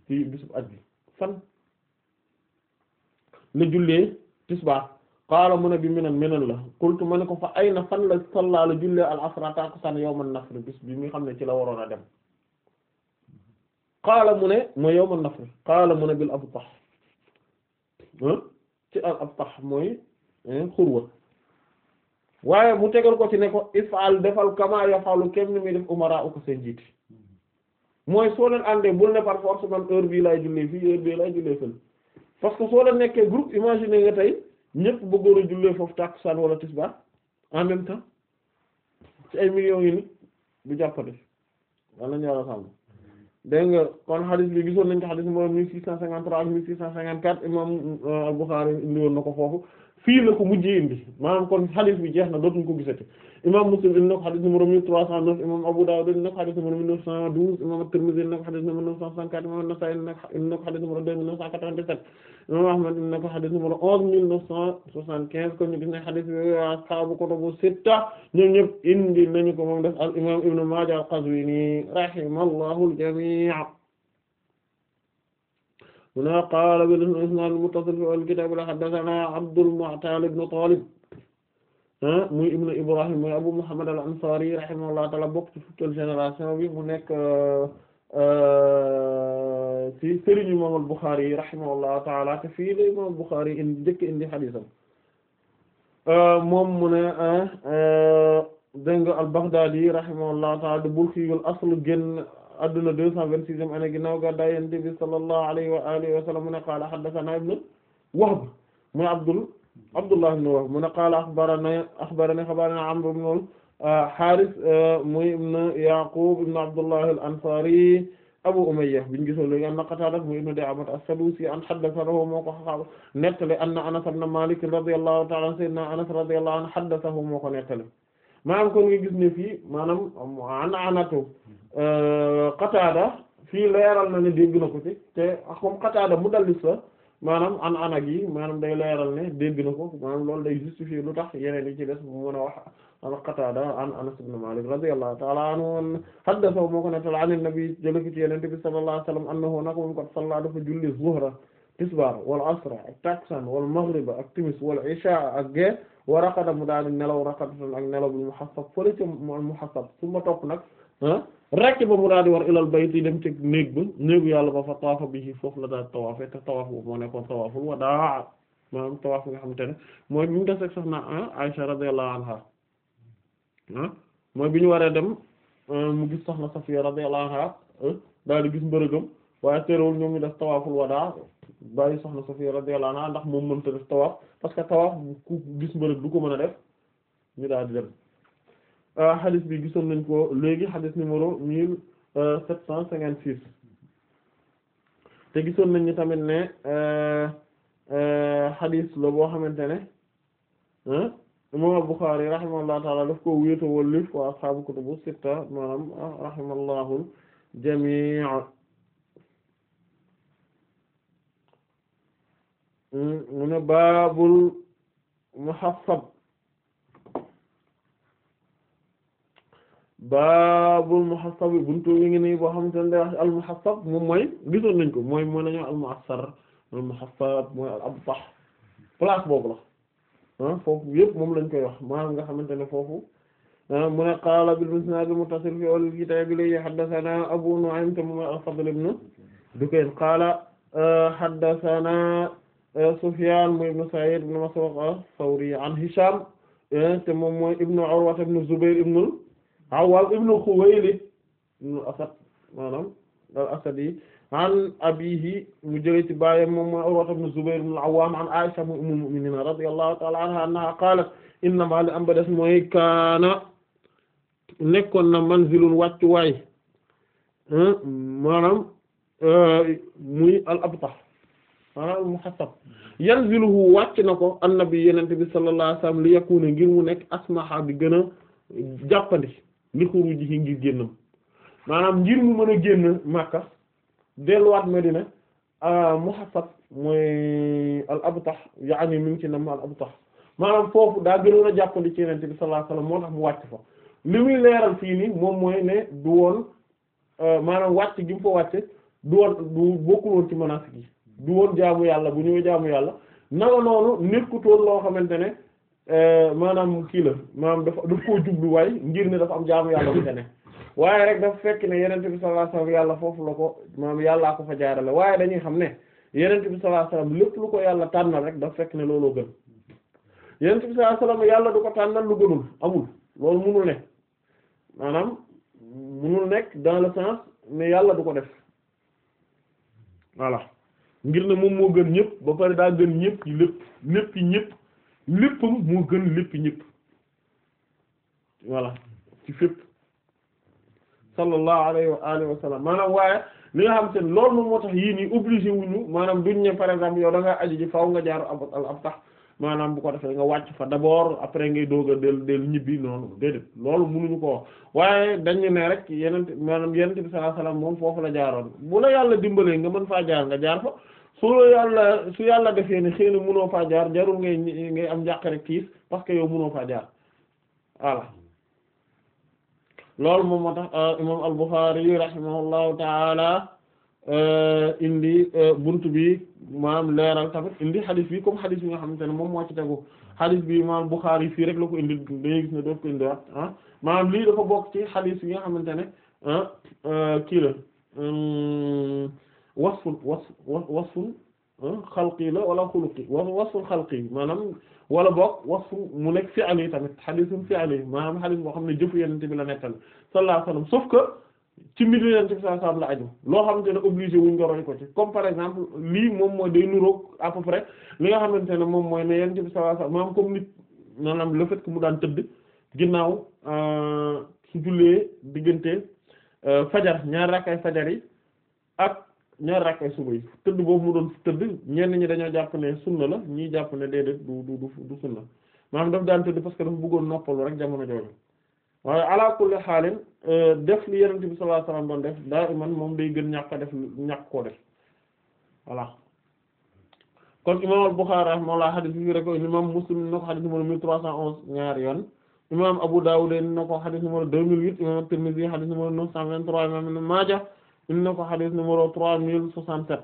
ci bisu at bi fan la jullee tisbaar qaala mu ne bi minan minan la qultu ma ne ko fa ay na fan la salla la jullee al asra takusaan yawman nafr bis bi mi xam ne ci la waroon a dem qaala mu ne mooy yawman nafr qaala mu ne bil abtah ci al abtah mooy xurwa waaye mu tegal ko ci ne ko ifal defal kama yafalu kenn ni muy def umara u ko seen jiit mooy soo leen àndee bul ne par force heure bii laay jullee fii heure bii laay jullee fële parce que soo leen nekkee groupe imagine nga tey ñëpp bëggoon a jullee foofu tàkkusaan wala tisbaar en même temps ci ay millions yi nit du jàppale wala ñu war a sàmm dégg nga kon xadis bi gisoon nañ ko xadis moom mille six cent cinquante-trois ak six cent cinquante-quatre imam Al-Bukhârî euh, na ko foofu fii la ko mujjee indi maanaam kon xadis bi jeex na dootuñu ko gisati imam Muslim indi na ko xadis numéro mille trois cent neuf imam Abu Dâwud indi na ko xadis numéro mille neuf cent douze imam at i imam Ahmad indi na ko xadis numéro onze mille neuf cent soixante quinze kon ñu gis ne xadis bi ashaabu kutubu sitta ñoom ñëpp indi nañu ko moom def al imam Ibn Maaja al-Qazwini rahimallahu al-jamii' huna qaala bi isnaad al-muttasil fi al-kitaab la haddathanaa Abdul Mu'tal ibn Talib ah, muy ibn Ibrahim muy Abu Muhammad al-Ansari rahimahullahu ta'ala bokk ci fukkeel génération bi mu nekk ah, ah, ci sëriñ imam al-Bukhari yi rahimahullahu taala te fii la imam al-Bukhari yi indi njëkk indi xadiisam euh, moom mu ne ah, euh, dégg nga al-Baghdadi rahimahullahu taala de Bulkhiyul asl génn adduna deux cent vingt-sixième année ginnaaw gàddaay Yonent bi sallallahu alayhi wa alihi wa sallam mu ne qaala haddathana ibn Wahb mu ne Abdul Abdullah ibn Wahb mu ne qaala akhbarana akhbarana akhbarana Amr ibn euh, al-Harith muy ibn Yaqub ibn Abdullah al-Ansari Abu Umayya biñ gisoon léegi anna Qataada mu ibnu Di'aamata as-Saduusi an haddathahu moo ko xaw nettali anna Anas ibn Maalik radiyallahu ta'ala anhu sayyidina Anas radiyallahu anhu haddathahu moo ko nettali maanaam kon nga gis ne fii maanaam an anatu euh, Qataada fii leeral na ne dégg na ko ci te comme Qataada mudallis la maanaam an ana yi maanaam day leeral ne dégg na ko maanaam loolu day justifier lu tax yeneen ci des an Qatada an Anas ibn Malik radiyallahu ta'ala anhu haddathahu moo ko nettali an nabi jële ko ci Yonent bi sallallahu alayhi wa sallam annahu naka moom kat salla dafa julli zuhra tisbaar wal asra ak taksan wal maghrib ak timis wal isha ak gée wa raqada mu daal di nelaw raqadatan ak nelaw bil muhassab fële ca al muhassab su ma topp nag rekk ba mu daal di war ilal bayt yi dem ci néeg ba néegu yàlla ba fa tawaafa bi foofu la daal tawaafee te tawaaf boobu moo nekkoon tawaaful wadaa maanaam tawaaf nga xamante ne mooy bi mu des ak soxna Aisha radiyallahu anha mooy bi ñu waree dem euh, mu gis soxna Safiya radiyallahu anha euh, daal di gis mbërëgam waaye terewul ñoom ñu def tawaaful wadaa bàyyi soxna Safiya radiyallahu anha ndax moom mënta def tawaaf parce que tawaaf ku gis mbërëg du ko mën a def ñu daal di dem euh, xadis bi gisoon nañ ko léegi xadis numéro mille sept cent cinquante six te gisoon nañ ni tamit ne xadis la boo xamante ne imam al-Bukhari rahimahullahu taala daf ko wéeto wal lif wa ashabu kutubu sitta maanaam rahimahullahu jami' mu ne baabul muhassab baabul muhassab buntu wi ngi nii boo xamante al muhassab moom mooy gisoon nañ ko mooy mooy nañu al mu'assar al muhassab mooy al abtah place boobu Ah foofu yëpp moom lañ koy wax nga xamante ne foofu ah mu ne qaala bil isnaad al muttasil fi awwal kitaab li haddasanaa Abu Nu'aym tam al-Fadl ibn Dukayn qaala haddasanaa Sufyaan mooy ibn Sa'iid ibn Masruuq as-Sawrii an Hishaam te ibn Urwa ibn Zubayr ibn al ibn Khuwaylid ibn asad asadi an abihi mu jëlee ci baayam moom mooy Urwa ibn Zubayr ibn al-Awwam an Aisha ummul mu'minin radiyallahu ta'ala anha annaha qalat innama li am ba des mooy kaana nekkoon na manzilun wàccuwaay maanaam euh, muy al abtah maanaam al muhassab yanziluhu wàcc na ko annabi yenente bi sallallahu alayhi wasallam li yakuna ngir mu nekk asmaha bi gën a jàppandi li xuruji yi ngir génnam maanaam ngir mu mën a génn Makka delluwaat Medina ah, muhaffaf mooy al abtah yaani mu ngi ci nam al maanaam foofu daa gënoon a jàppandi ci Yonent bi sallallahu alayhi moo tax mu wàcc fa li muy leeral fii nii moom mooy ne du woon ah, maanaam wàcc gi mu fa wàcce du woon du bokkul woon ci manasik yi du woon jaamu yàlla bu ñëwee jaamu yàlla nanga noonu nekkutoon loo xamante ne eh, maanaam kii la maanaam dafa daf koo jublu waaye ngir ne dafa am jaamu yàlla bu te waaye rek dafa fekk ne yenente bi sallallahu alayhi wasallam yàlla foofu la ko moom yàllaa ko fa jaarale waaye dañuy xam ne yenente bi sallallahu alayhi wasallam lépp lu ko yàlla tànnal rek dafa fekk ne looloo gën yenente bi sallallahu alayhi wasallam yàlla du ko tànnal lu gënul amul loolu munul ne maanaam munul nekk dans le sens mais yàlla du ko def voilà ngir ne moom moo gën ñëpp ba pare daa gën ñëpp ci lépp lépp ci ñëpp moo gën lépp ñëpp voilà ci fépp sallallahu alayhi wa alihi wa sallam maanaam waaye li nga xam te ne loolu moom moo tax yii nii obligé wuñu maanaam duñ ne par exemple yow da nga aju ji faaw nga jaar ab ab tax maanaam bu ko defee nga wàcc fa d'abord après ngay doog a del del ñibbi noonu déedéet loolu munuñu koo wax waaye dañu ne rek yenent maanaam yenent bi sallallahu alayhi wa sallam moom foofu la jaaroon bu la yàlla dimbalee nga mën faa jaar nga jaar fa su la yàlla su yàlla defee ne xëy na mënoo faa jaar jarul ngay ngay am njàq rek parce que yow mënoo faa jaar voilà loolu moom moo tax euh, imam al-Bukhari rahimahullahu taala euh, indi euh, buntu bi maanaam leeral tamit indi xadis bi comme xadis bi nga xamante ne moom moo ci tegu xadis bi maanaam Bukhari fii rek la ko indi dañuy gis ne dootu ko indi waat ah maanaam lii dafa bokk ci xadis yi nga xamante ne ah, kii la wasful wasf wasful xalqi la wala xuluqi wasful xalqi maanaam wala boog wasfu mu nekk yi tamit xadiisun fi'li maanaam xadiis boo xam ne jëfu yonent bi la nettali sallallahu alayhi wasallam sauf que ci mbiru yonent la aju loo xamante ne obligé wuñ nga roy ko ci comme par exemple lii moom mooy day nuroog à peu près nga xamante ne moom mooy ne yonent bi sallallahu alayhi wasallam maanaam nit maanaam le fait que mu daan tëdd ginnaaw euh, su jullee diggante euh, fajar ñaar rakkay fajar yi ñaari rakkay suba yi tëdd boobu mu doon tëdd ñenn ñi dañoo jàpp ne sunna la ñii jàpp ne déedéet du du du sunna maanaam daf daan tëdd parce que dafa bëggoon noppalu rek jamono jooju waaye ala kulli xaalin euh, def li yonent bi sallallahu alayhi wasallam doon def daa iman moom day gën ñàkk a def ñàkk koo def voilà kon imam al-Bukhari rahimahullah xadis bi rek imam Muslim na ko xadis numéro mille trois cent onze ñaari yoon imam Abu Dawud na ko xadis numéro indi na ko xadis numéro trois mille soixante-sept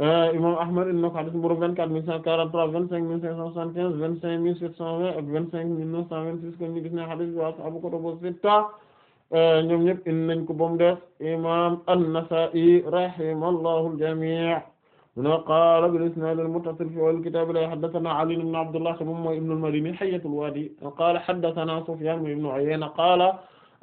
euh, imam Ahmad indi na ko xadis numéro vingt-quatre mille cent quarante-trois vingt-cinq mille cinq cent soixante-quinze vingt-cinq mille sept cent vingt ak vingt-cinq mille neuf cent vingt-six kon ñu gis ne xadis bi waa ashaabu kutubu sitta euh, ñoom ñëpp indi nañ ko ba mu def imam an-Nasa'i rahimallahu al-jami' muna qaala bil-isnaad al-muttasil fi awwal kitaab la haddathanaa Ali ibn Abdullah moom mooy ibn al-Madini hayyatul waadi qaala haddathanaa Sufyaan ibn Uyayna qaala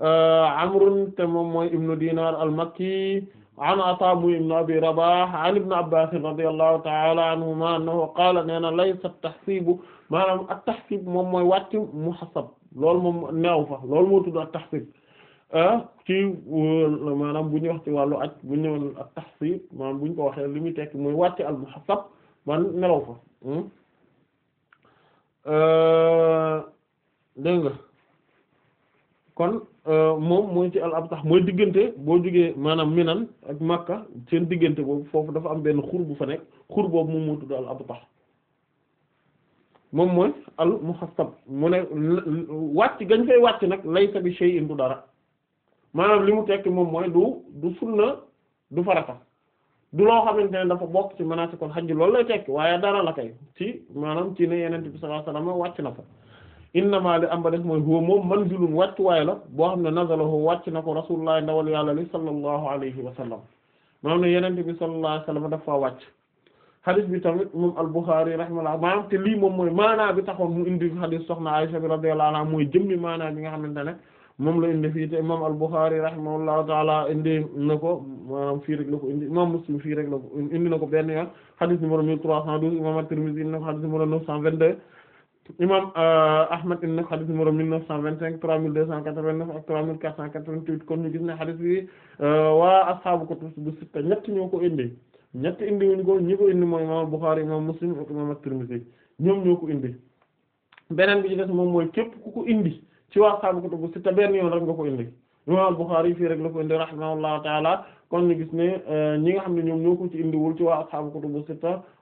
amrun te moom mooy ibnu dinar al-makki an ata mu ibnu abi rabah an ibnu abbas radiyallahu ta'ala anhuma annahu qaala nee na laysa tahsibu maanaam at-tahsib moom mooy wàcc muhassab loolu moom neew fa loolu moo tudd at-tahsib ci maanaam bu ñuy wax ci wàllu aj bu ñëw at-tahsib maanaam bu ñu ko waxee li muy tekki mooy wàcc al-muhassab man nelaw fa dégg nga kon euh, moom mooy ci al abtah mooy diggante boo jógee maanaam minan ak makka seen diggante boobu foofu dafa am benn xur bu fa nekk xur boobu moom moo tudd al abtah moom mooy al muhassab mu ne wàcc gañ fay wàcc nag laysa bi shay'in du dara maanaam li mu tekki moom mooy du du sunna du farata du loo xamante ne dafa bokk ci manaasikul hajj loolu lay tekki waaye dara la kay ci maanaam ci ne yeneen bi sallallahu alayhi wasallam wàcc na fa innama li am ba def mooy huwa moom manzilun wàccuwaay la boo xam ne nazalahu wàcc na ko rasulullah ndawal yàlla li sallallahu alayhi wa sallam maanaam ne yenente bi sallallahu alayhi wa sallam dafa wàcc xadis bi tamit moom al-Bukhari rahimahullah maanaam te lii moom mooy maanaa bi taxoon mu indi xadis soxna Aysa bi radiyallahu anha mooy jëmmi maanaa bi nga xamante ne moom la indi fii te imam al-Bukhari rahimahullahu taala indi na ko maanaam fii rek la ko indi imam Muslim fii rek la ko indi na ko benn yoon xadis numéro 1312 imam at-Tirmidhi indi na ko xadis numéro 922 imam euh, Ahmad indi na xadis numéro mille neuf cent vingt-cinq trois mille deux cent quatre-vingt-neuf ak trois mille quatre cent quatre-vingt-huit kon ñu gis ne xadis bi euh, waa ashaabu kutubu sitta ñett ñoo ko indi ñett indi wuñ ko ñi ko indi mooy imam Bukhari imam Muslim ak imam At-Tirmidhi ñoom ñoo ko indi beneen bi ci des moom mooy képp ku ko indi ci waa ashaabu kutubu sitta benn yoon rek nga ko indi imam Bukhari fii rek la ko kon ñu gis ne euh, ñi ne ñoom ñoo ko indiwul ci waa ashaabu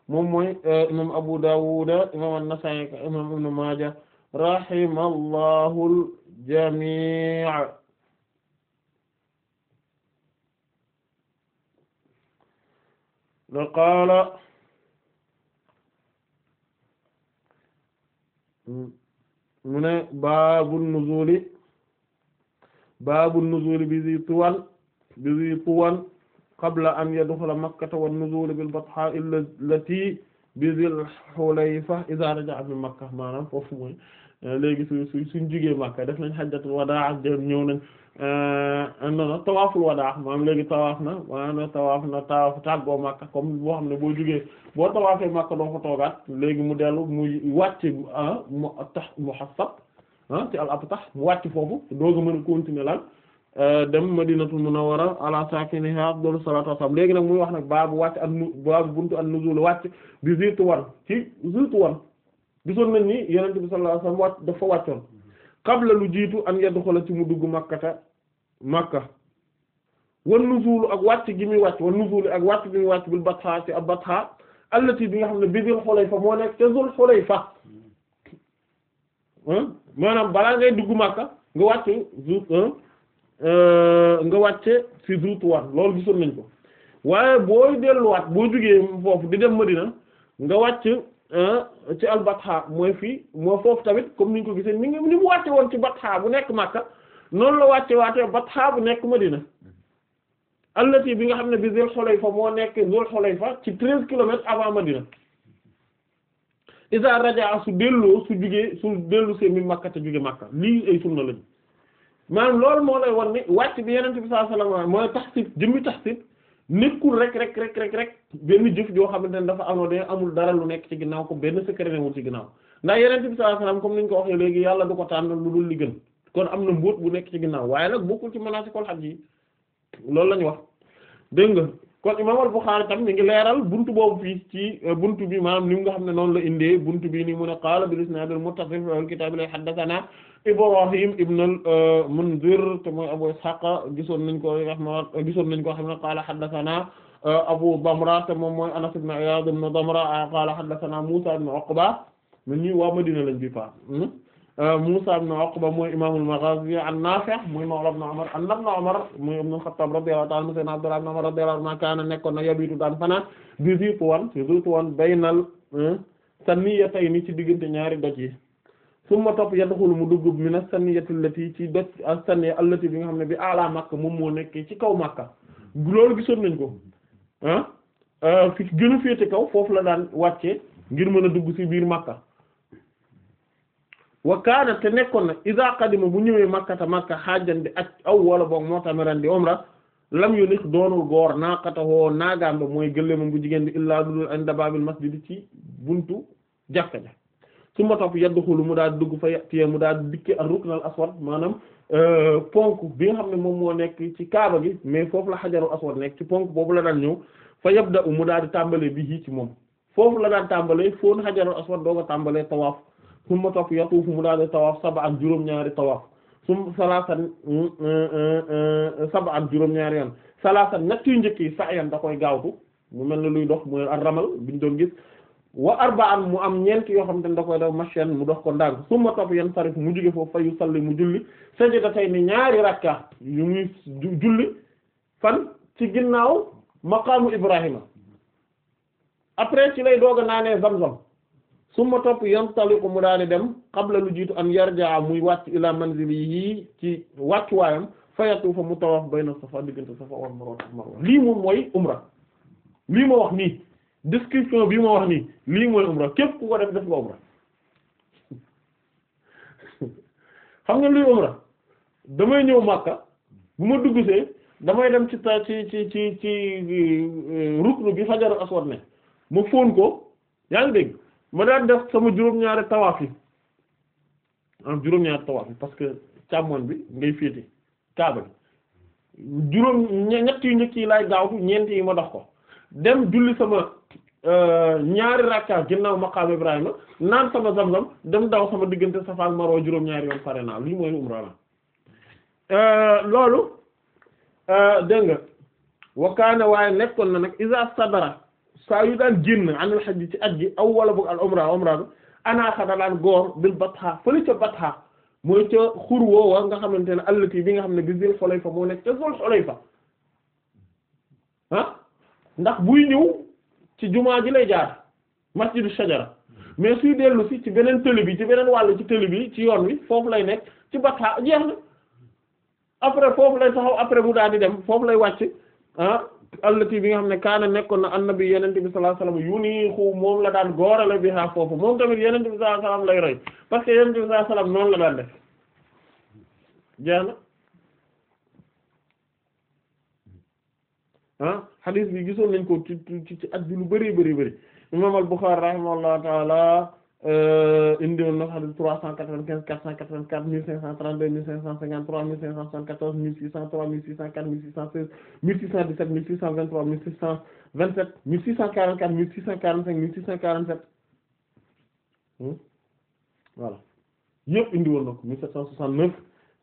moom mooy euh, imam Abu Dawud imam An-Nasa'i imam Ibn Maaja rahimallahu al-jamii' qaala mu ne baabu nuzuuli baabu nuzuuli bi zi tuwal bi zi tuwal qabla an yadxula makkata wan nuzuul bil bathaa allati bi zil xulayfa iza raja'a min makka maanaam foofu mooy euh, léegi su su suñ jugee makka def nañ hajjatul wadaa dem ñëw nañ euh, non tawaaful wadaa maanaam léegi tawaaf na maanaam tawaaf na tawaaf tàggoo makka comme boo xam ne boo jugee boo tawaafee makka doo fa toogaat léegi mu dellu muy wàcc ah, mu tax mu xasab ah ci al abtah mu wàcc foofu doog a mën a continuer lan. Euh, dem madinatul munawwara ala sakiniha afdalu salatu wassalam léegi nag muy wax nag baa bu wàcc ak nu baabu buntu ak nuzul wàcc bi Zituwan ci Zituwan gisoon nañ ni yonent bi sallallahu alayhi wasallam wàcc dafa wàccoon qabla lu jiitu an yadkhula ci mu dugg makkata makka wan nuzul ak wàcc gi muy wàcc wan nuzul ak wàcc gi muy wàcc bil batha ci ab batha allati bi nga xam ne bi Zul fa moo nekk te Zul Xulayfa maanaam balaa ngay dugg makka nga wàcc Euh, nga wàcce ci Zoutuwa loolu gisoon nañ ko waaye booy delluwaat boo jugee foofu di dem Madina nga wàcc euh, ci al Batha mooy fii moo foofu tamit comme niñ ko gisee ni nga ni mu wàcce woon ci Batha bu nekk Makka noonu la wàcce waatee Batha bu nekk Madina allati bi nga xam ne bi Zul Xulayfa moo nekk Zul Xulayfa ci treize kilomètres avant ma Madina isa rajaa su delloo su jugee su dellu see mi Makka te jugee Makka lii ay sunna lañu maanaam lool moo lay wan ne wàcc bi yeneen bi sallallahu alayhi wasallam mooy taxsib jëmmi taxsib nekkul rek rek rek rek rek benn jëf joo xamante ne dafa amoo de amul dara lu nekk ci ginnaaw ko benn secret newul ci ginnaaw ndax yeneen bi sallallahu alayhi wasallam comme ni ñu ko waxee léegi yàlla du ko tànn lu dul li gën kon am na mbóot bu nekk ci ginnaaw waaye nag bokkul ci manasikul hajj yi loolu la ñu wax dégg nga kon imam al-Bukhari tam mi ngi leeral buntu boobu fii ci euh, buntu bi maanaam ni nga xam ne noonu la indee buntu bi ni mu ne qaala bil isnaad al-muttasil fil kitaab la haddathana Ibrahim ibn al-Mundhir te mooy Abu Ishaq gisoon nañ ko rahma gisoon nañ ko xam ne qaala haddathana euh, Abu Damra te moom mooy Anas ibn Iyaad ibn Damra qaala haddathana Muusaa ibn Uqba ñi waa Madina lañ bi fa Euh, Musa ibn Uqba mooy imaamul Maghazi an Nafi' mooy mawla ibn Umar an ibn Umar mooy ibn al-Khattab radiyallahu ta'ala anhu Abdullah ibn Umar radiyallahu anhu kaana nekkoon na yabitu daan fanaan bi Dhi Tuwan ci Dhi Tuwan baynal euh, saniyatayni ci diggante ñaari doj yi summa topp yadxulu mu dugg mina saniyati allati ci doj as-saniya allati bi nga xam ne bi ala Makka moom moo nekkee ci kaw Makka loolu gisoon nañ ko ah euh, fi gën a féete kaw foofu la daan wàcce ngir mën a dugg ci biir Makka wa kaana te nekkoon na iza qadima bu ñëwee makkata makka xaajan di ak aw wala boog mu'tamiran di umra lam yu nit doonul goor naaqatawoo naagaam ba mooy gëlleemam bu jigéen bi illaa dudul inda baabil masjid ci buntu jàkka ja su ma topp yadduxulu mu daal dugg fa yatiyee mu daal dikke ak ruknal aswad maanaam euh, ponk bi nga xam ne moom moo nekk ci kaaba gi mais foofu la xajarul aswad nekk ci ponk boobu la daan ñëw fa yabda u mu daal di tàmbalee bi ci moom foofu la daan tàmbalee foon xajarul aswad dooga tàmbalee tawaaf summa topp yatuufu mu daal di tawaaf sab'an juróom-ñaari tawaaf summa salaasan mm, mm, mm, sab'an juróom-ñaari yoon salaasan ñett yu njëkk yi sa'yan da koy gaawtu mu mel ni luy dox mooy ar-ramal biñ doon gis wa arba'an mu am ñeent yoo xam te ne da koy def machine mu dox ko ndànk summa topp yan sarif mu julli foofu fa yu salli mu julli sajdatayni ñaari rakka yu muy julli fan ci ginnaaw maqaamu Ibrahima après ci lay doog a naanee Zamzam. summa topp yantaliqu mu daal di dem qabla lu jiitu an yarjaa muy wàcc ila manzilihi ci wàccuwaayam fa yatuufa mu tawaaf na safa diggante safa wal marwa marwa lii moom mooy umra lii ma wax nii description bii ma wax nii lii mooy umra képp ku ko def def nga umra <laughs> xam nga luy umra damay ñëw Makka bu ma duggsee damay dem ci ta ci ci ci ci euh, ruknu bi xajaru aswad ne ma fóon ko yaa ngi dégg ma daan def sama juróom-ñaari tawaaf yi am juróom-ñaari tawaaf yi parce que càmmoñ bi ngay féete kaaba bi juróom ñett yu njëkk yi laay gaawtu ñeent yi ma dox ko dem julli sama euh, ñaari rakka ginnaaw maqaam Ibrahima naan sama zamzam dem daw sama diggante Safa ak Marwa juróom-ñaari yoon pare naa lii mooy umra la euh, loolu euh, dégg nga waaye nekkoon na nag isa sadara saa yu daan génn anil xaj ci at gi aw wala boog al umra umra bi anaaxa da daan góor bil batha fële ca batha mooy ca xur woowa nga xamante ne allati bi nga xam ne bi zil xulayfa moo nekk ca zul xulayfa ah ndax buy ñëw ci jumaa ji lay jaar masjidu shajara mais suy dellu si ci beneen tëli bi ci beneen wàll ci tëli bi ci yoon wi foofu lay nekk ci batha jeex na après foofu lay taxaw après bu daal di dem foofu lay wàcc ah allati bi nga xam ne kaana nekkoon na annabi yonent bi sallallahu alayhi wasallam yuniixu moom la daan goorale bi ha foofu moom tamit yonent bi sallallahu lay roy parce que yonent bi sallallahu la daan def jeex na ah bi gisoon nañ ko ci ci ci at lu bari bari bari imam al-Bukhari rahimahullahu ta'ala Euh, indi woon na xadis trois cent quatre-vingt-quinze quatre cent quatre-vingt-quatre mille cinq cent trente-deux mille cinq cent cinquante-trois mille cinq cent soixante-quatorze mille six cent trois mille six cent quatre mille six cent seize mille six cent dix-sept mille six cent vingt-trois mille six cent vingt-sept mille six cent quarante-quatre mille six cent quarante-cinq hmm? indi woon na ko mille sept cent soixante-neuf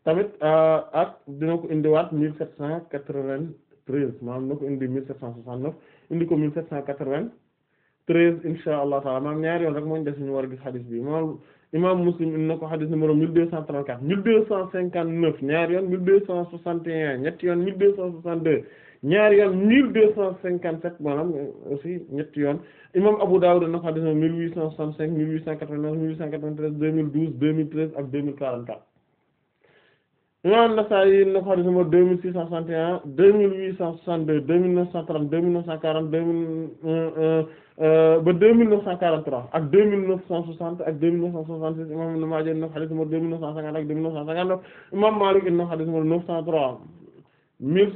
tamit euh, ak dina ko indiwaat mille sept cent quatre-vingt-treize maanaam na ko indi mille sept indi ko mille sept treize insha allah taala maam ñaari yoon rek moo ñu des ñu war a gis xadis bi moom Muslim in ko xadis numéro mille deux cent trente-quatre mille deux cent cinquante-neuf ñaari yoon mille deux cent soixante et un ñetti yoon mille deux cent soixante-deux ñaari yoon mille deux cent cinquante-sept maanaam Abu Dawud in na ko xadis huit cent cinq mille huit cent quatre-vingt-neuf mille huit cent quatre-vingt-treize deux mille douze deux mille treize ak deux mille quarante-quatre imam Nasaa'i indi na ko xadis numéro deux mille six cent soixante et un deux mille huit cent soixante-deux deux mille neuf cent trente deux mille neuf cent quarante deux mille ba deux mille neuf cent quarante-trois ak deux mille neuf cent soixante ak deux mille neuf cent soixante-six imam Ibn Maaja xadis numéro deux mille neuf cent cinquante ak deux mille neuf cent cinquante-neuf imam Maalik indi na xadis numéro neuf cent trois mille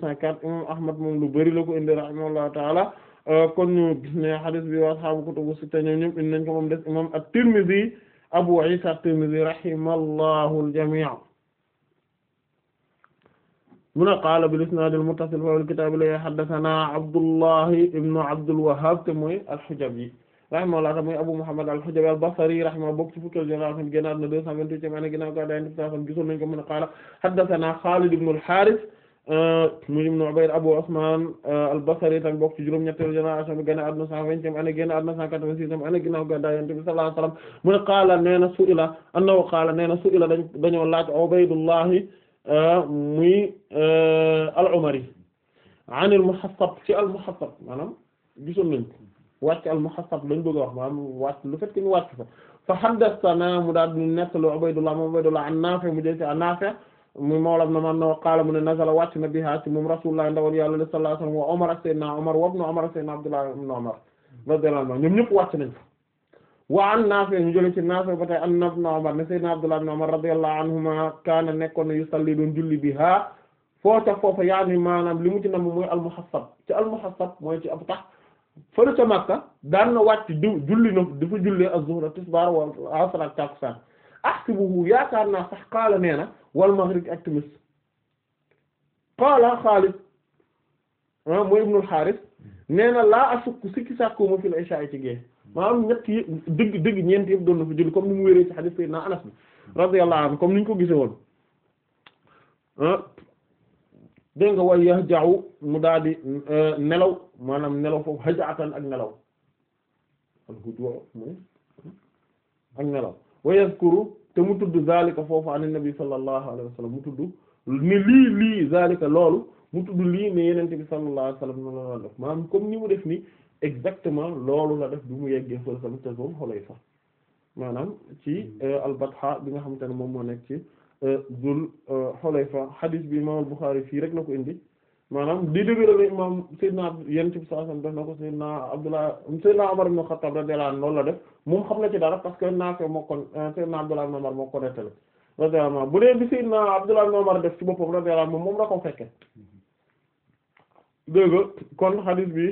cent quatre imam Ahmad moom lu bari la ko indi rahimahullahu ta'ala kon ñu gis xadis bi wa Abu Isa at-Tirmidhi rahimallahu al-jami' mu ne qaala bil isnaad al-muttasil fi al-kitaab li haddathanaa Abdullahi ibn Abdul Wahhab te mooy al-Hujabi rahimahullah te mooy Abu Muhammad al-Hujabi al-Basri rahimahullah bokk ci fukki génération génnaat na deux cent vingt-huit ci maanaam ginnaaw ga daan gisoon nañ ko mu ne qaala haddathanaa Xaalid ibn al-Haarith Euh, mu ibn Ubayd Abu Usman euh, al-Basri tam bokk ci juróom-ñetteelu génération bi génn àdduna cent vingtième année génn àdduna cent quatre-vingt-sixième année ginnaaw gàddaay Yonent bi sallallahu alayhi wa sallam mu ne qaala nee na su'ila annahu qaala nee na su'ila dañ dañoo laaj Ubaydullah euh, muy al-Umari an al-Muhassab ci al-Muhassab maanaam gisoon nañ ko wàcc al-Muhassab lañ bëgg a wax maanaam wàcc lu fekk ñu wàcc fa fa haddathana mu daal di nekk lu Ubaydullah moom Ubaydullah an Nafi' mu jël ci an Nafi' mu mawla ibn Manna wa qaala ne nazala wàcc na biha ci moom rasulullah ndawal yàlla sallallahu alayhi wasallam wa Umar ak Seydina Umar wa ibn Umar ak Seydina Umar radiyallahu anhum ñoom ñëpp wàcc nañ fa wa an Naafi' ñu jëlee ci Naafi' ba tey an ibn Umar ne Seydina Abdullah ibn Umar radiyallahu anhuma kaana nekkoon yusalli doon julli biha foo tax foofa yaani maanaam li mu ci nam mooy al-muhassab ci al-muhassab mooy ci ab tax fële ca Makka daan na wàcc di julli na dafa jullee az ahsibuhu yaakaar naa sax qaala nee na wal maghrib ak timis qaala Xaalid mooy ibnul Haaris nee na laa ma sikki sàkkuma fil isha ci gée maanaam ñett yi dëgg dëgg yëpp doon na fi jël comme ni mu wéree ci hadith sayyidina Anas bi radiyallahu anhu comme ni ñu ko gisee woon dégg nga way yax jaw mu daal nelaw maanaam nelaw foofu hajaatan ak nelaw al hujwa ak nelaw wa yazkuru te mu tudd zalika foofu an nabi sallallahu alayhi wa sallam mu tudd ni lii lii zalika loolu mu tudd lii ne yenente bi sallallahu alayhi wa sallam noonu la def maanaam comme ni mu def ni exactement loolu la def bi mu yeggee fële tamit te zoom xoloy sax maanaam ci euh, albatha bi nga xamante ne moom moo nekk ci dul euh, xoloy euh, fa xadiis bi imam al Bukhari fii rek na ko indi maanaam di dëgëral imaam Seydina yéen ci saa sam def na ko Seydina Abdullah Seydina Umar ibn Khattab radiyallahu anhu la def moom xam na ci dara parce que Naafi' moo ko Seydina Abdullah ibn Umar moo ko nettali radiyallahu anhu bu dee bi Seydina Abdullah ibn Umar def ci boppam radiyallahu anhu moom la ko fekke dégg kon hadith bi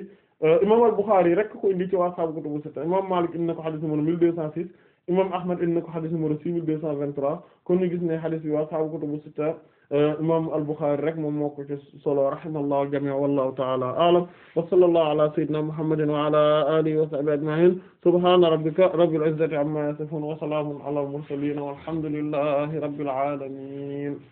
euh, imaam al-Bukhari rek ko indi ci waa saabu kutubu imaam Maalik indi na ko hadith numéro 1206 imam Ahmad indi na ko xadis numéro six mille deux cent vingt-trois kon ñu gis ne xadis bi waa sahaabu kutubu sitta euh, imam al-Bukhari rek moom moo ko ci solo rahimahullahu jamii'an wallahu ta'ala a'lam wa sallallahu ala sayyidina muhammadin wa ala alihi wa sahbihi ajma'in subhana rabbika rabbil izzati amma yasifun wa salamun ala al-mursalin walhamdulillahi rabbil alamin